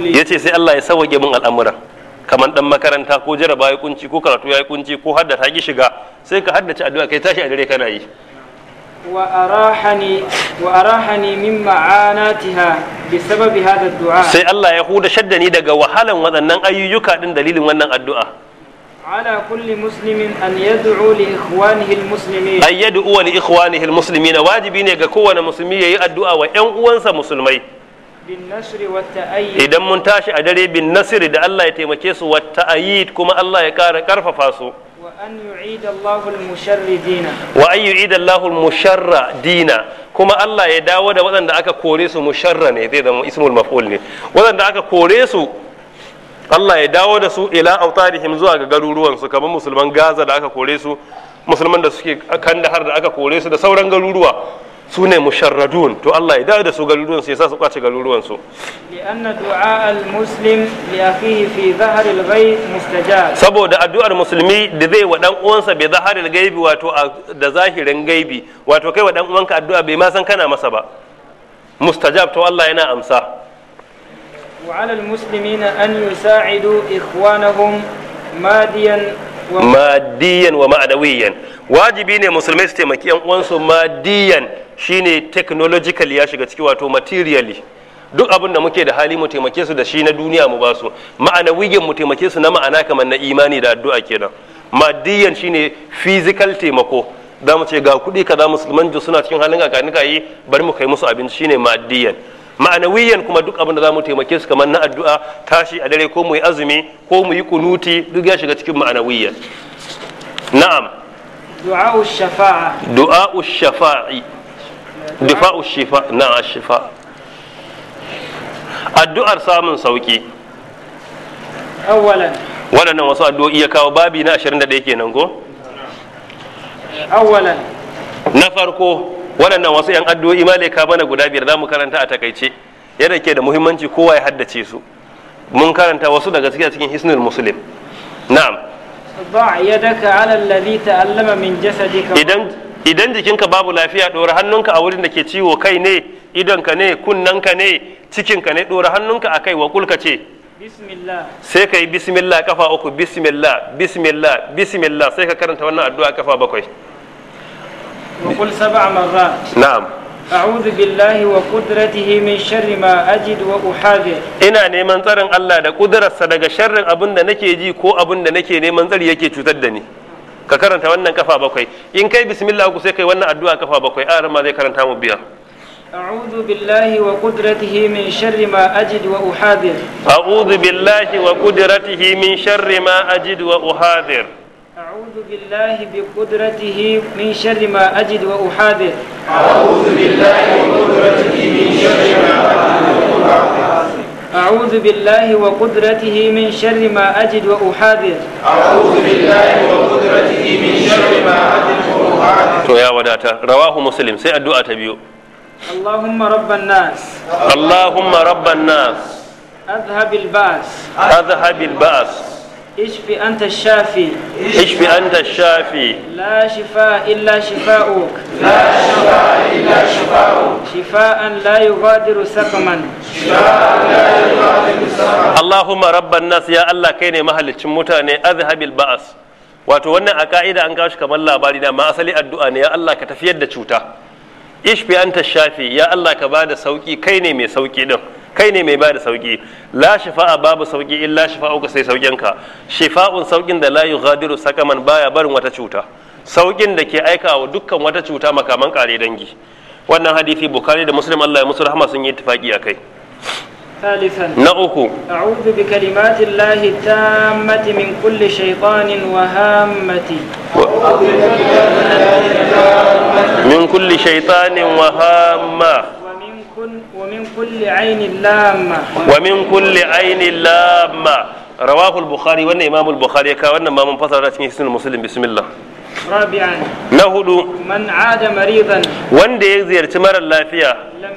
Speaker 1: ya ce sai Allah ya sauwaƙe mun al'amuran kamar dan makaranta ko jaraba kunci ko karatu yayi kunci ko hadda ta ki shiga sai ka haddace addu'a kai tashi a dare kana yi
Speaker 2: Wa araha ni min ma cana tisha, bi sababi ha da du'a.
Speaker 1: Sai Allah ya huda shaddani daga wahalan wadannan ayyuka din dalilin wannan addu'a.
Speaker 2: Waxa na kulli musulmin a niyyar da cocin ikwanihil musulmi.
Speaker 1: Ayyadu uwa na wajibi ne ga kowane musulmi yayi addu'a, wa 'yan uwansa musulmai. Idan mun tashi a dare, bin da Allah ya taimake su wa ta'ayi kuma Allah ya kara karfafa su.
Speaker 2: وأن يعيد الله
Speaker 1: المشر kuma Allah ya dawo da waɗanda aka kore su musharra ne zai zama ismul maf'ul ne waɗanda aka kore su Allah ya dawo da su ila tarihin zuwa ga garuruwan su kamar musulman Gaza da aka kore su musulman da suke Kandahar da aka kore su da sauran garuruwa su ne musharradun to Allah ya dawo da su garuruwan su ya sa su kwace garuruwan su
Speaker 2: li'anna du'a al-muslim li akhihi fi dhahr al-ghaib mustajab
Speaker 1: saboda addu'ar musulmi da zai wa dan uwansa bi dhahr al-ghaib wato da zahirin gaibi wato kai wa dan uwanka addu'a bai ma san kana masa ba mustajab to Allah yana amsa
Speaker 2: an madiyan
Speaker 1: المسلمين أن wa ma'adawiyan, wajibi ne musulmai su taimaki 'yan uwansu madiyan shine technologically ya shiga ciki wato materially duk abin da muke da hali mu taimake su da shi na duniya mu basu su ma'ana wigin mu taimake su na ma'ana kamar na imani da addu'a kenan maddiyan shine physical taimako za mu ce ga kuɗi kaza musulman ji suna cikin halin akani kayi bari mu kai musu abinci shine maddiyan ma'anawiyan kuma duk abin da za mu taimake su kamar na addu'a tashi a dare ko mu yi azumi ko mu yi kunuti duk ya shiga cikin ma'anawiyan na'am du'a du'a'u shafa'i difa'u shifa na shifa addu'ar samun sauki awwalan waɗannan wasu addu'o'i ya kawo babi na 21 kenan ko awwalan na farko waɗannan wasu yan addu'o'i ma ka mana guda biyar zamu karanta a takaice yadda ke da muhimmanci kowa ya haddace su mun karanta wasu daga cikin cikin hisnul muslim na'am
Speaker 2: ضع يدك على الذي تألم من جسدك
Speaker 1: idan idan jikinka babu lafiya ɗora hannunka a wurin da ke ciwo kai ne idonka ne kunnanka ne cikinka ne ɗora hannunka a kai wa kulka ce sai ka yi bismillah kafa uku bismillah bismillah bismillah sai ka karanta wannan addu'a kafa bakwai
Speaker 2: wa kul sab'a marrat na'am أعوذ بالله وقدرته من شر ما أجد وأحاذر إنا نيمان ترن الله دا قدرة صدق شر أبن دا
Speaker 1: نكي جي كو أبن دا نكي نيمان تري يكي تتدني ka karanta wannan kafa bakwai in kai bismillah ku sai kai wannan addu'a kafa bakwai a ma zai karanta mu biyar
Speaker 2: أعوذ بالله وقدرته من شر ما أجد وأحاذر أعوذ بالله وقدرته
Speaker 1: من شر ما أجد وأحاذر
Speaker 2: أعوذ بالله بقدرته من شر ما أجد وأحاذر أعوذ بالله بقدرته من شر ما أجد وأحاذر أعوذ بالله وقدرته من شر ما أجد وأحاذر أعوذ بالله وقدرته من شر ما أجد وأحاذر
Speaker 1: تو يا وداتا رواه مسلم سي الدعاء تبيو
Speaker 2: اللهم رب الناس
Speaker 1: اللهم رب الناس
Speaker 2: أذهب الباس
Speaker 1: أذهب الباس
Speaker 2: اشفي أنت الشافي اشفي
Speaker 1: أنت الشافي
Speaker 2: لا شفاء إلا شفاؤك لا شفاء إلا شفاؤك شفاء لا يغادر سقما شفاء لا
Speaker 1: يغادر سقما اللهم رب الناس يا الله كيني مهل متاني أذهب البأس wato wannan a ka'ida an kawo shi kamar labari da ma asali addu'a ne ya Allah ka tafiyar da cuta ishfi anta shafi ya Allah ka bada sauki kai ne mai sauki din kai ne mai ba da sauki la shifa'a babu sauki illa shifa'uka sai saukin ka shifa'un saukin da la yughadiru sakaman baya barin wata cuta saukin da ke aika wa dukkan wata cuta makaman kare dangi wannan hadisi bukhari da muslim Allah ya musu rahama sun yi tafaki akai na uku.
Speaker 2: bi kalimati أعوذ tammati min kulli shaytanin wa hammati
Speaker 1: min kulli shaytanin wa وهامة
Speaker 2: ومن كل عين لامة
Speaker 1: ومن كل عين لامة رواه البخاري وان امام البخاري كا وان ما منفصل ده cikin sunan muslim bismillah رابعا na hudu
Speaker 2: man ada maridan
Speaker 1: wanda ya ziyarci mara lafiya
Speaker 2: lam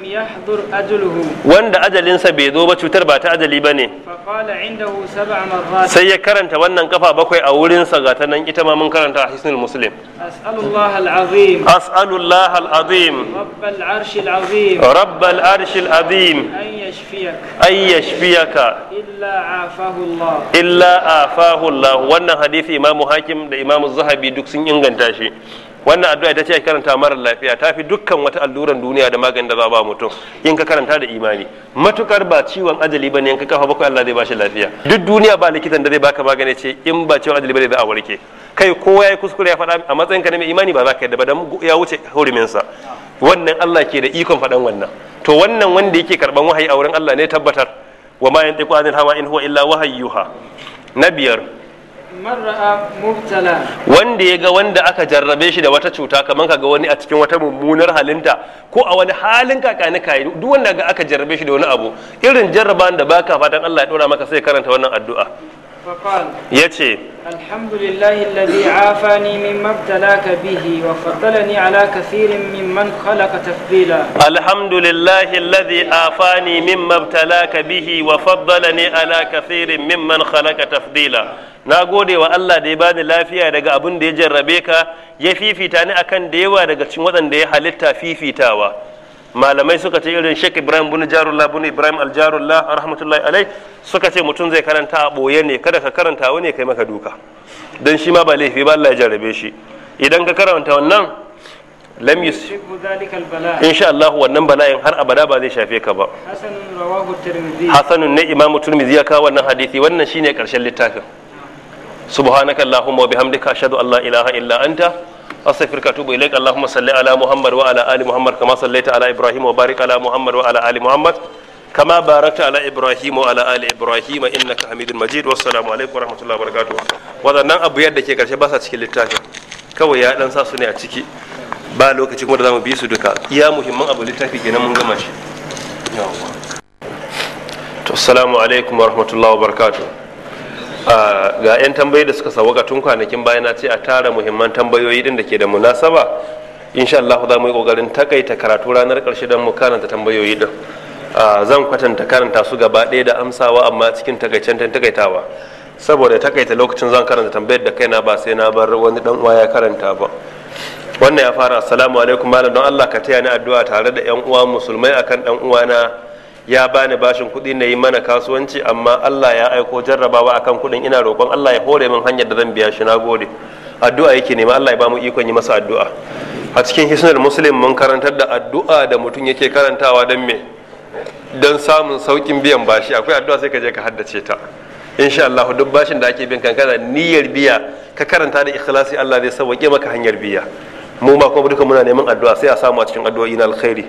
Speaker 2: ajaluhu
Speaker 1: wanda ajalinsa bai zo ba cutar ba ta ajali bane fa qala
Speaker 2: indahu sab'a marrat
Speaker 1: sai ya karanta wannan kafa bakwai a wurin sa gata nan ita ma mun karanta a hisnul muslim
Speaker 2: as'alullah
Speaker 1: al'azim as'alullah al'azim
Speaker 2: rabbal arsh
Speaker 1: al'azim rabbal arsh al'azim
Speaker 2: an yashfiyak
Speaker 1: an yashfiyaka
Speaker 2: illa afahu allah
Speaker 1: illa afahu allah wannan hadithi imamu hakim da imamu zahabi duk sun inganta shi wannan addu'a ita ce karanta mara lafiya ta fi dukkan wata alluran duniya da maganin da za ba mutum in ka karanta da imani matukar ba ciwon ajali bane in ka kafa bakwai Allah zai bashi lafiya duk duniya ba likitan da zai baka magani ce in ba ciwon ajali bane za a warke kai kowa yayi kuskure ya faɗa a matsayin ka na mai imani ba za ka yadda ba dan ya wuce hurumin sa wannan Allah ke da ikon faɗan wannan to wannan wanda yake karban wahayi a wurin Allah ne tabbatar wa ma yantiqu anil hawa in huwa illa wahayyuha na biyar wanda ya ga wanda aka jarrabe shi da wata cuta kamar ka ga wani a cikin wata mummunar halinta ko a wani halin kakani kayi duk wanda ga aka jarrabe shi da wani abu irin jarraban da baka fatan Allah ya dora maka sai karanta wannan addu'a yace
Speaker 2: alhamdulillahi alladhi afani mimma ibtalaka bihi wa faddalani ala kathirin mimman khalaqa tafdila
Speaker 1: alhamdulillahi alladhi afani mimma ibtalaka bihi wa faddalani ala kathirin mimman khalaqa tafdila na gode wa Allah da ya bani lafiya daga abin da ya jarrabe ka ya fifita ni akan da yawa daga cikin waɗanda ya halitta fifitawa malamai suka ce irin Sheikh Ibrahim bin Jarullah bin Ibrahim Al-Jarullah rahmatullahi alai suka ce mutum zai karanta a boye ne kada ka karanta wani kai maka duka dan shi ma ba laifi ba Allah ya jarabe shi idan ka karanta wannan lam insha Allah wannan bala'in har abada ba zai shafe ka ba
Speaker 2: hasanun
Speaker 1: ne imamu turmizi ya kawo wannan hadisi wannan shine karshen littafin subhanakallahumma wa bihamdika ashhadu an la ilaha illa anta أستغفرك وأتوب إليك اللهم صل على محمد وعلى آل محمد كما صليت على إبراهيم وبارك على محمد وعلى آل محمد كما باركت على إبراهيم وعلى آل إبراهيم إنك حميد مجيد والسلام عليكم ورحمة الله وبركاته waɗannan abu yadda ke karshe basa sa cikin littafin kawai ya dan sa su ne a ciki ba lokacin wanda zamu bi su duka iya muhimman abu littafi kenan mun gama shi to ga 'yan tambayoyi da suka sawaka tun kwanakin baya na ce a tara muhimman tambayoyi din da ke da munasaba insha Allah za mu yi kokarin takaita karatu ranar karshe don mu karanta tambayoyi din zan kwatanta karanta su gaba ɗaya da amsawa amma cikin takaicen takaitawa saboda takaita lokacin zan karanta tambayar da kaina ba sai na bar wani dan uwa ya karanta ba wannan ya fara assalamu alaikum malam don Allah ka taya ni addu'a tare da yan uwa musulmai akan dan uwana ya bani bashin kuɗi na yi mana kasuwanci amma Allah ya aiko jarrabawa akan kuɗin ina roƙon Allah ya hore min hanyar da zan biya shi na gode addu'a yake nema Allah ya ba mu ikon yi masa addu'a a cikin hisnar muslim mun karantar da addu'a da mutum yake karantawa don me don samun saukin biyan bashi akwai addu'a sai ka je ka haddace ta insha Allah duk bashin da ake bin kankana niyyar biya ka karanta da ikhlasi Allah zai sauke maka hanyar biya mu ma kuma duka muna neman addu'a sai a samu a cikin addu'o'i na alkhairi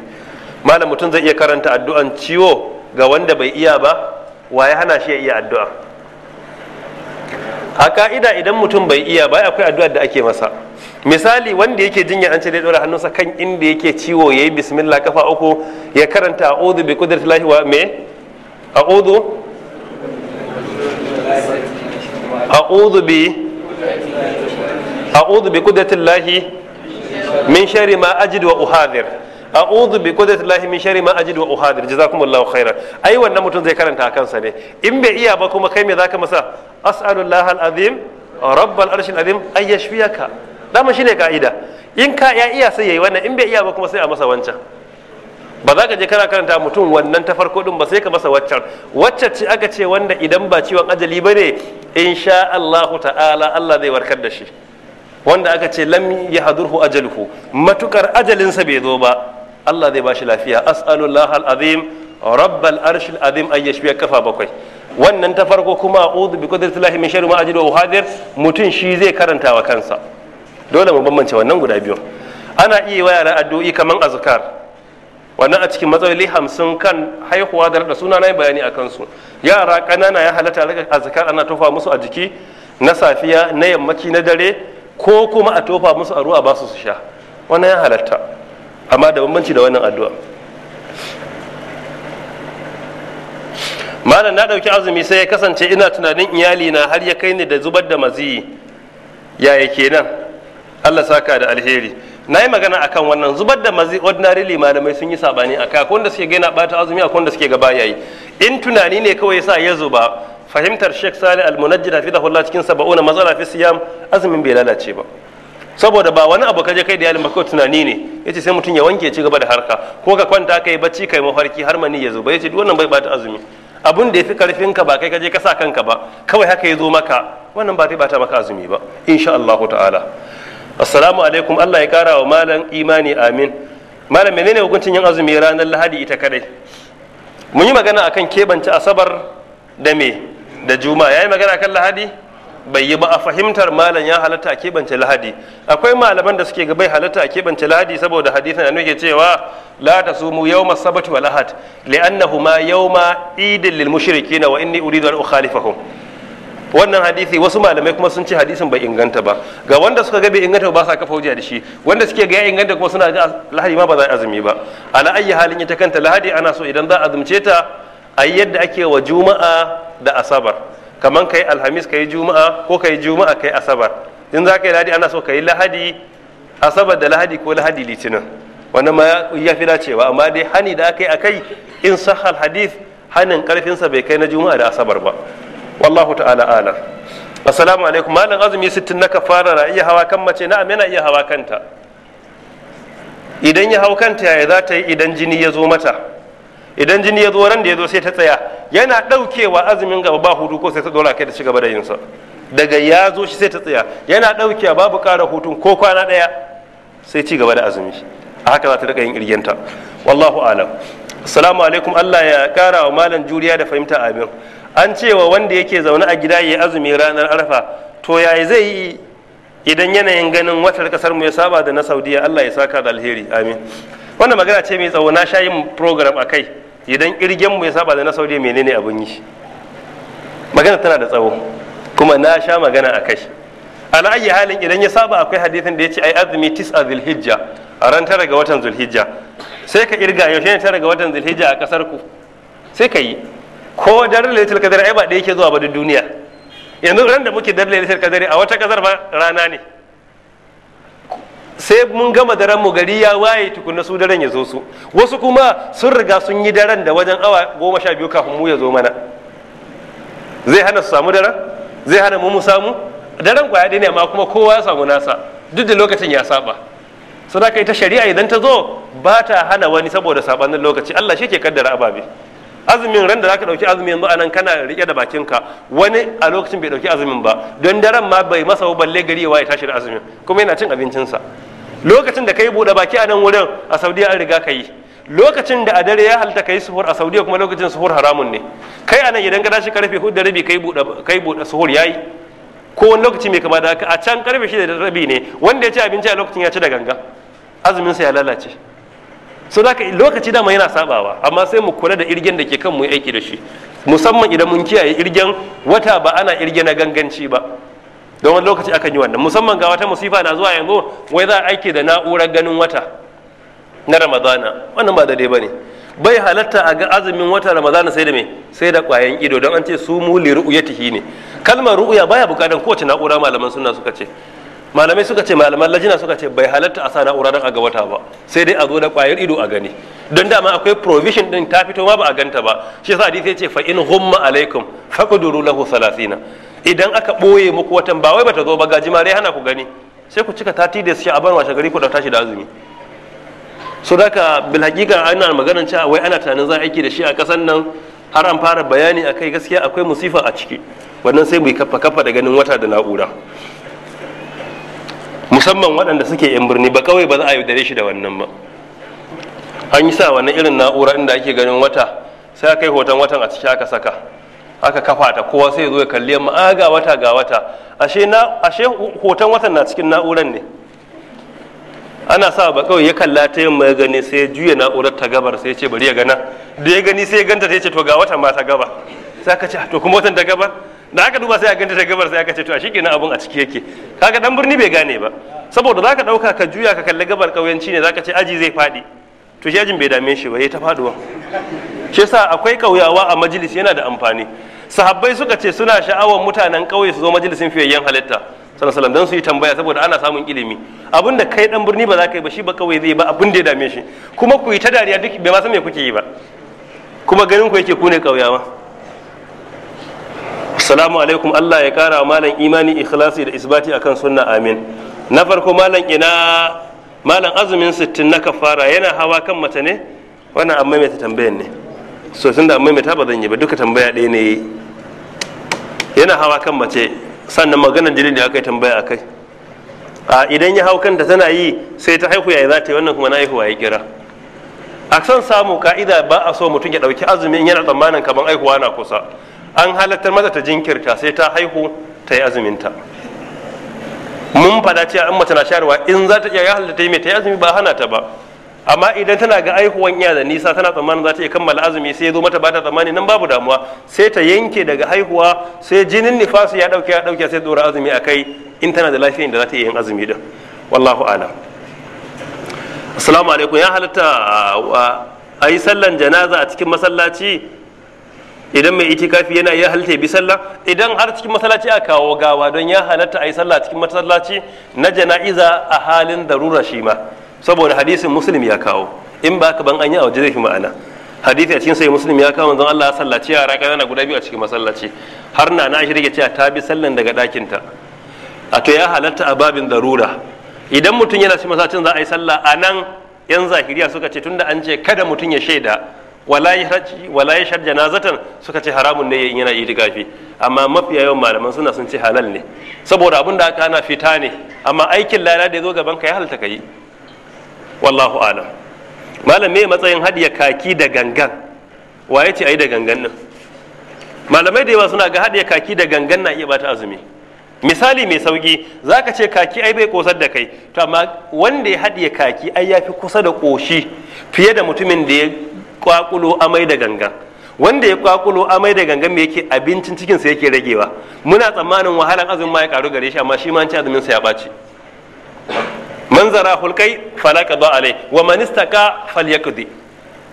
Speaker 1: malam mutum zai iya karanta addu'an ciwo ga wanda bai iya ba wa ya hana shi ya iya addu'a a ka'ida idan mutum bai iya ba akwai addu'a da ake masa misali wanda yake jinya an ce dai dora hannunsa kan inda yake ciwo yayi bismillah kafa uku ya karanta a'udhu bi qudratillahi wa me a'udhu a'udhu bi a'udhu bi qudratillahi min sharri ma ajidu wa uhadir a'udhu bi qudratillahi min sharri ma ajidu wa uhadir jazakumullahu khairan ai wannan mutum zai karanta kansa ne in bai iya ba kuma kai me zaka masa as'alullahi alazim rabbal arshil azim ay yashfiyaka dama shine ka'ida in ka ya iya sai yayi wannan in bai iya ba kuma sai a masa wancan ba za ka je kana karanta mutum wannan ta farko din ba sai ka masa waccan wacce ce aka ce wanda idan ba ciwon ajali ba ne insha Allahu ta'ala Allah zai warkar da shi wanda aka ce lam yahdurhu ajaluhu matukar ajalinsa bai zo ba Allah zai bashi lafiya as'alullah al-azim rabbal arsh al-azim an yashfiya kafa bakwai wannan ta farko kuma a'udhu bi qudratillahi min sharri ma ajidu wa hadir mutun shi zai karanta wa kansa dole mu bambance wannan guda biyu ana iya wa yara addu'i kaman azkar wannan a cikin matsaloli hamsin kan haihuwa da rada suna na bayani a kansu yara ƙanana ya halatta daga azkar ana tofa musu a jiki na safiya na yammaci na dare ko kuma a tofa musu a ruwa ba su su sha wannan ya halatta amma da bambanci da wannan addu'a malam na ɗauki azumi sai ya kasance ina tunanin iyali na har ya kai ni da zubar da maziyi yake nan allah saka da alheri na yi magana akan wannan zubar da mazi ordinarily malamai sun yi sabani a kai wanda suke gaina bata azumi a wanda suke gaba yayi in tunani ne kawai sa ya zuba fahimtar sheikh salih al-munajjid hafidahullah cikin saba'una matsala fi siyam azumin bai lalace ba saboda ba wani abu kaje kai da yalin baka tunani ne yace sai mutum ya wanke ci gaba da harka ko ka kwanta kai bacci kai mafarki har mani ya zo ba yace duk wannan bai bata azumi abun da yafi karfin ka ba kai kaje ka sa kanka ba kawai haka ya zo maka wannan ba zai bata maka azumi ba insha Allah ta'ala assalamu alaikum Allah ya kara wa malam imani amin malam menene hukuncin yin azumi ranar lahadi ita kadai mun yi magana akan kebance asabar da me da juma'a yayi magana kan lahadi bai yi ba a fahimtar malam ya halatta a keɓance lahadi akwai malaman da suke gabai bai halatta a keɓance lahadi saboda hadisi na nuke cewa la yau yawma sabati wa lahad yau ma idil lil na wa inni uridu an ukhalifahum wannan hadisi wasu malamai kuma sun ce hadisin bai inganta ba ga wanda suka ga bai inganta ba sa kafa hujja da shi wanda suke ga ya inganta kuma suna ga lahadi ma ba za a azumi ba ala ayyi halin ita kanta lahadi ana so idan za a azumce ta a yadda ake wa juma'a da asabar kaman kai alhamis kai juma'a ko kai juma'a kai asabar in za ka yi lahadi ana so ka yi lahadi asabar da lahadi ko lahadi litinin wannan ma ya fi dacewa amma dai hani da aka yi a kai in sahal hadith hanin karfinsa bai kai na juma'a da asabar ba wallahu ta'ala ala assalamu alaikum malam azumi sittin na fara na hawa kan mace na'am yana iya hawa kanta idan ya hau kanta yaya za ta yi idan jini ya zo mata idan jini ya zo ran da ya zo sai ta tsaya yana ɗaukewa azumin gaba ba hudu ko sai ta dora kai da ci gaba da yinsa daga ya zo shi sai ta tsaya yana ɗauke babu kara hutun ko kwana ɗaya sai ci gaba da azumi a haka za ta rika yin irgenta wallahu alam assalamu alaikum Allah ya ƙara wa malam juriya da fahimta abin an cewa wanda yake zaune a gida ya azumi ranar arfa to yayi zai yi idan yanayin ganin watar kasar mu ya saba da na saudiya Allah ya saka da alheri amin wannan magana ce mai tsawo na sha yin program a kai idan kirgen mu ya saba da na saudiya menene abin yi magana tana da tsawo kuma na sha magana a kai ala ayi halin idan ya saba akwai hadisin da ya ce ai azumi tis a zulhijja a ran tara ga watan zulhijja sai ka kirga yaushe ne tara ga watan zulhijja a kasar ku sai ka yi ko dar lailatul qadr ai ba da yake zuwa ba da duniya yanzu ran da muke dar lailatul qadr a wata kasar ba rana ne sai mun gama daren mu gari ya waye tukunna su daren ya zo su wasu kuma sun riga sun yi daren da wajen awa goma sha biyu kafin mu ya zo mana zai hana su samu daren zai hana mu mu samu daren kwaya ɗaya ne amma kuma kowa ya samu nasa duk da lokacin ya saba kai ta shari'a idan ta zo ba ta hana wani saboda sabanin lokaci Allah shi ke kaddara ababe azumin ran da zaka dauki azumi yanzu anan kana rike da bakinka wani a lokacin bai dauki azumin ba don daren ma bai masa balle gari ya waye tashi da azumin kuma yana cin abincinsa lokacin da ka yi buɗe baki a nan wurin a saudiya an riga ka yi lokacin da a dare ya halta ka yi suhur a saudiya kuma lokacin suhur haramun ne kai a nan idan ka tashi karfe hudu da rabi kai buɗe suhur ya yi ko wani lokaci mai kama da haka a can karfe shida da rabi ne wanda ya ci abinci a lokacin ya ci da ganga azumin sa ya lalace so da lokaci dama yana sabawa amma sai mu kula da irgen da ke kan mu aiki da shi musamman idan mun kiyaye irgen wata ba ana irge na ganganci ba don wani lokaci akan yi wannan musamman ga wata musifa na zuwa yanzu wai za a aiki da na'urar ganin wata na ramadana wannan ba daidai ba ne bai halatta a ga azumin wata ramadana sai da me sai da ƙwayan ido don an ce su mu li ru'yatihi ne kalmar ru'ya baya bukatar kowace na'ura malaman suna suka ce malamai suka ce malaman lajina suka ce bai halatta a sa na'ura don a ga wata ba sai dai a zo da ƙwayar ido a gani don dama akwai provision din ta fito ma ba a ganta ba shi yasa hadisi ya ce fa in humma alaikum faqduru lahu salasina idan aka ɓoye muku watan ba wai bata zo ba gaji mare hana ku gani sai ku cika tati da a ban washe gari ku da tashi da azumi so daga bil hakika ana maganar cewa wai ana tunanin za a aiki da shi a kasan nan har an fara bayani kai gaskiya akwai musifa a ciki wannan sai mu kafa kafa da ganin wata da na'ura musamman waɗanda suke yan birni ba kawai ba za a dare shi da wannan ba an yi sa wannan irin na'ura inda ake ganin wata sai a kai hoton watan a ciki aka saka aka kafa ta kowa sai zo ya kalle mu a ah, ga wata ga wata ashe na ashe hoton watan na cikin na'urar ne ana sa ba kawai ya kalla ta yin mai gani sai ya juya na'urar ta gabar sai ya ce bari ya gana da ya gani sai ya ganta sai ya ce to ga watan ma ta gaba sai aka ce ah, to kuma watan ta gabar da aka duba sai a ganta ta gabar sai aka ce to a kenan abun a ciki yake kaga dan birni bai gane ba saboda zaka dauka ka juya ka kalli gabar kauyanci ne zaka ce aji zai fadi to shajin bai dame shi ba ya ta faduwa shi yasa akwai kauyawa a majalis yana da amfani sahabbai suka ce suna sha'awar mutanen kauye su zo majalisin fiyayyen halitta sallallahu dan su yi tambaya saboda ana samun ilimi abinda kai dan birni ba za ka yi ba shi ba ƙauye zai ba abin da ya dame shi kuma ku yi ta dariya duk bai ma san me kuke yi ba kuma ganin ku yake ku ne kauyawa assalamu alaikum Allah ya kara malam imani ikhlasi da isbati akan sunna amin na farko malam ina malam azumin sittin na kafara yana hawa kan mace ne wannan amma mai ta tambayan ne so tun da amma mai ta ba zan yi ba duka tambaya ɗaya ne yana hawa kan mace sannan maganar jirin da aka yi tambaya akai a idan ya hau kanta tana yi sai ta haihu yayi za ta yi wannan kuma na haihuwa ya kira a san samu ka'ida ba a so mutum ya ɗauki azumin yana tsammanin kamar haihuwa na kusa an halattar mata ta jinkirta sai ta haihu ta yi azuminta mun fada cewa in mace na sharwa in za ta iya ya halatta mai ta yi azumi ba hana ta ba amma idan tana ga aihuwan iya da nisa tana tsammanin za ta iya kammala azumi sai zo mata ba ta tsammani nan babu damuwa sai ta yanke daga haihuwa sai jinin nifasu ya dauke ya dauke sai dora azumi a kai in tana da lafiyan da za ta iya yin azumi din wallahu alam assalamu alaikum ya halatta a yi sallan janaza a cikin masallaci idan mai itikafi yana ya halitta bi sallah idan har cikin masallaci a kawo gawa don ya halatta a yi sallah cikin masallaci na jana'iza a halin darura shi ma saboda hadisin muslim ya kawo in ba ka ban an yi a waje zai fi ma'ana hadisi a cikin sai muslim ya kawo manzon Allah ya sallaci yara ƙanana guda biyu a cikin masallaci har na na shi cewa ta bi sallan daga ɗakin ta a to ya halatta a babin darura idan mutum yana cikin masallacin za a yi sallah a nan yan zahiriya suka ce tunda an ce kada mutum ya shaida wala yahraji wala yashhad janazatan suka ce haramun ne yana itikafi amma mafiya yawan malaman suna sun ce halal ne saboda abin da aka ana fita ne amma aikin lada da ya zo gaban ka ya halta kai wallahu alam malam me matsayin hadiya kaki da gangan waye ce ai da gangan nan? malamai da yawa suna ga hadiya kaki da gangan na iya bata azumi misali mai sauki zaka ce kaki ai bai kosar da kai to amma wanda ya hadiya kaki ai yafi kusa da koshi fiye da mutumin da ya kwakulo amai da gangan wanda ya kwakulo amai da gangan me yake abincin cikin sa yake ragewa muna tsammanin wahalan azumin ma ya karu gare shi amma shi ma an ci azumin sa ya ɓaci man zara hulkai falaka ba alai wa man istaka falyakdi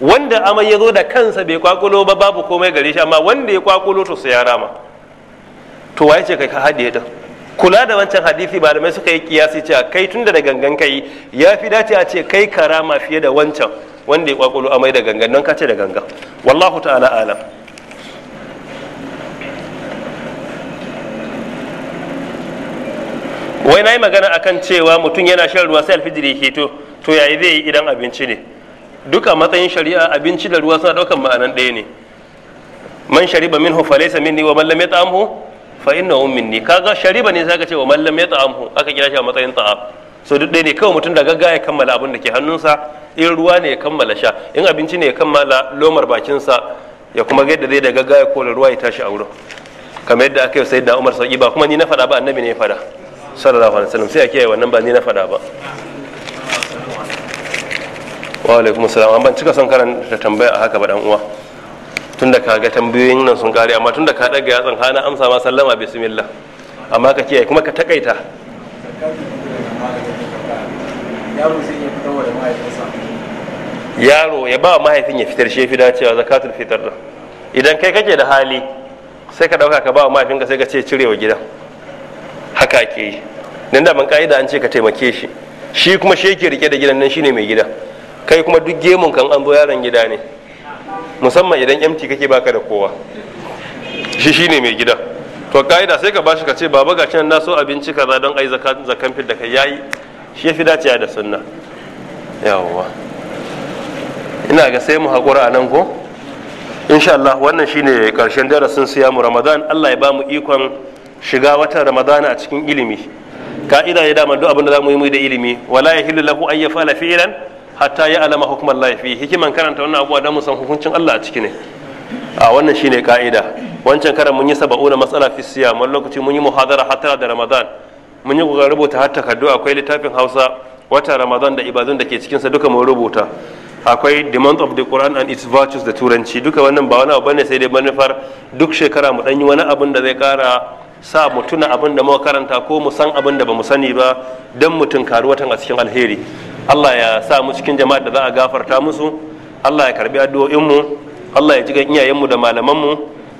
Speaker 1: wanda amai ya zo da kansa bai kwakulo ba babu komai gare shi amma wanda ya kwakulo to sai ya rama to waye ce kai ka hadiye da kula da wancan hadisi malamai suka yi kiyasi cewa kai tunda da gangan kai ya fi dace a ce kai karama fiye da wancan wanda ya kwakwalo amai da gangan don kace da ganga. wallahu ta'ala alam wai na yi magana akan cewa mutum yana shan ruwa sai alfijiri ke to yayi zai yi idan abinci ne duka matsayin shari'a abinci da ruwa suna daukan ma'anan ɗaya ne man shariba minhu laysa minni wa man lam yata'amhu fa innahu minni kaga shariba ne sai ka ce wa man lam yata'amhu aka kira shi a matsayin ta'am so duk ɗaya ne kawai mutum da gaggawa ya kammala abin da ke hannunsa in ruwa ne ya kammala sha in abinci ne ya kammala lomar bakinsa ya kuma gaida dai da gaggawa ya kola ruwa ya tashi a wurin kamar yadda aka yi sai da umar sauki ba kuma ni na faɗa ba annabi ne ya faɗa sallallahu alaihi wasallam sai a kiyaye wannan ba ni na faɗa ba wa alaikum assalam an ban cika son karanta tambaya a haka ba dan uwa tunda ka ga tambayoyin nan sun kare amma tunda ka daga yatsan hana amsa ma sallama bismillah amma ka kiyaye kuma ka takaita yaro ya ba mahaifin ya fitar shi fi dacewa zakatul fitar da idan kai kake da hali sai ka dauka ka ba mahaifinka sai ka ce wa gidan haka ke yi nan da ban ka'ida an ce ka taimake shi shi kuma shi yake rike da gidan nan shine mai gida kai kuma duk gemun kan an zo yaron gida ne musamman idan mt kake baka da kowa shi shine mai gida to ka'ida sai ka bashi ka ce baba ga nan na so abinci kaza don ai zakan fit da kai yayi shi ya fi dacewa da sunna yawwa ina ga sai mu haƙura a nan ko insha Allah wannan shine karshen darasin siyamu ramadan Allah ya ba mu ikon shiga watan ramadana a cikin ilimi ka'ida ya dama duk abin za mu yi mu da ilimi wala ya yahillu lahu an yafala fi'lan hatta ya alama hukumar laifi hikiman karanta wannan abuwa don mu san hukuncin Allah a ciki ne a wannan shine ka'ida wancan karan mun yi saba'una matsala fi siyam wani lokaci mun yi muhadara hatta da ramadan mun yi kokarin rubuta har takardu akwai littafin hausa wata ramadan da ibadun da ke cikinsa duka mun rubuta akwai the month of the quran and its virtues da turanci duka wannan ba wani abu bane sai dai manufar duk shekara mu dan yi wani abin da zai kara sa mu tuna abin da mu karanta ko mu san abin da bamu sani ba dan mu tunkari watan a cikin alheri Allah ya sa mu cikin jama'ar da za a gafarta musu Allah ya karbi addu'o'in mu Allah ya jigan iyayen mu da malaman mu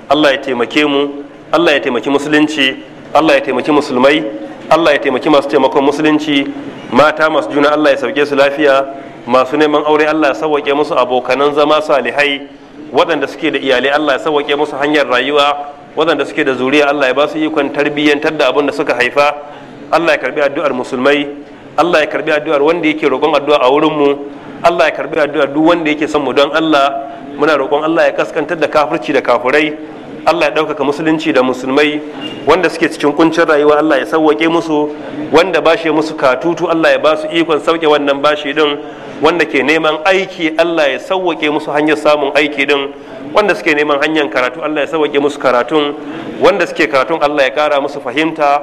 Speaker 1: Allah ya taimake mu Allah ya taimaki musulunci Allah ya taimaki musulmai Allah ya taimaki masu taimakon musulunci mata masu juna Allah ya sauke su lafiya masu neman aure Allah ya sauke musu abokanan zama salihai waɗanda suke da iyalai Allah ya sauke musu hanyar rayuwa waɗanda suke da zuriya Allah ya ba su ikon tarbiyyantar da abin da suka haifa Allah ya karbi addu'ar musulmai Allah ya karbi addu'ar wanda yake roƙon addu'a a wurin mu Allah ya karbi addu'a duk wanda yake son mu don Allah muna roƙon Allah ya kaskantar da kafirci da kafurai Allah ya ɗaukaka musulunci da musulmai wanda suke cikin kuncin rayuwa Allah ya sauwaƙe musu wanda bashe musu katutu Allah ya ba su ikon sauke wannan bashi din wanda ke neman aiki Allah ya sauwaƙe musu hanyar samun aiki din wanda suke neman hanyar karatu Allah ya sauwaƙe musu karatun wanda suke karatun Allah ya ƙara musu fahimta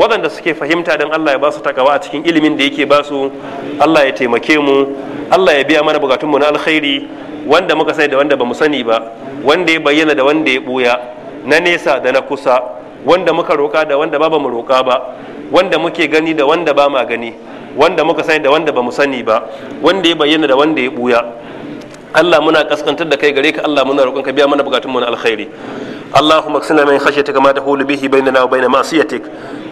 Speaker 1: waɗanda suke fahimta don Allah ya ba su takawa a cikin ilimin da yake ba su Allah ya taimake mu Allah ya biya mana bukatunmu na alkhairi wanda muka sani da wanda ba mu sani ba wanda ya bayyana da wanda ya ɓuya na nesa da na kusa wanda muka roƙa da wanda ba ba mu roƙa ba wanda muke gani da wanda ba ma gani wanda muka sani da wanda ba mu sani ba wanda ya bayyana da wanda ya ɓuya Allah muna kaskantar da kai gare ka Allah muna roƙon ka biya mana bukatunmu na alkhairi اللهم اكسنا من خشيتك ما تحول به بيننا وبين معصيتك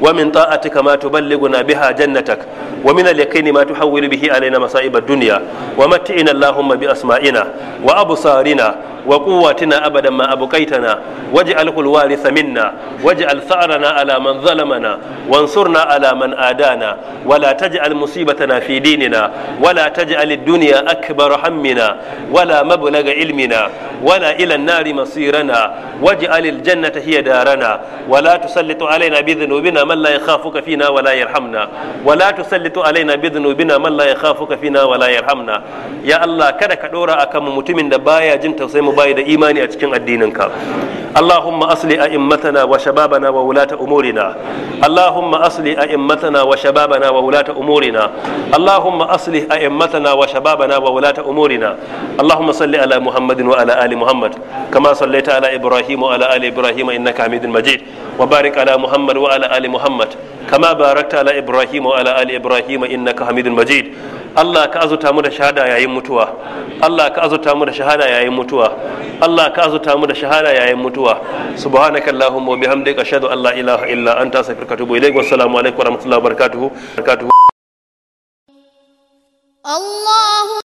Speaker 1: ومن طاعتك ما تبلغنا بها جنتك ومن اليقين ما تحول به علينا مصائب الدنيا ومتعنا اللهم بأسمائنا وأبصارنا وقواتنا أبدا ما أبقيتنا واجعله الوارث منا واجعل ثأرنا على من ظلمنا وانصرنا على من آدانا ولا تجعل مصيبتنا في ديننا ولا تجعل الدنيا أكبر همنا ولا مبلغ علمنا ولا إلى النار مصيرنا واجعل الجنة هي دارنا ولا تسلط علينا بذنوبنا من لا يخافك فينا ولا يرحمنا ولا تسلط علينا بذنوبنا من لا يخافك فينا ولا يرحمنا يا الله kada ka dora akan mutumin da baya jin tausayi mu bai da imani a cikin addininka اللهم أصل أئمتنا وشبابنا وولاة أمورنا اللهم أصل أئمتنا وشبابنا وولاة أمورنا اللهم أصل أئمتنا وشبابنا وولاة أمورنا اللهم صل على محمد وعلى آل محمد كما صليت على إبراهيم وعلى آل إبراهيم إنك حميد مجيد وبارك على محمد وعلى آل محمد Muhammad kama barakta ala Ibrahim wa ala ali Ibrahim innaka Hamidul Majid Allah ka azuta mu da shahada yayin mutuwa Allah ka azuta mu da shahada yayin mutuwa Allah ka azuta mu da shahada yayin mutuwa subhanaka allahumma wa bihamdika ashhadu an la ilaha illa anta astaghfiruka
Speaker 2: wa wa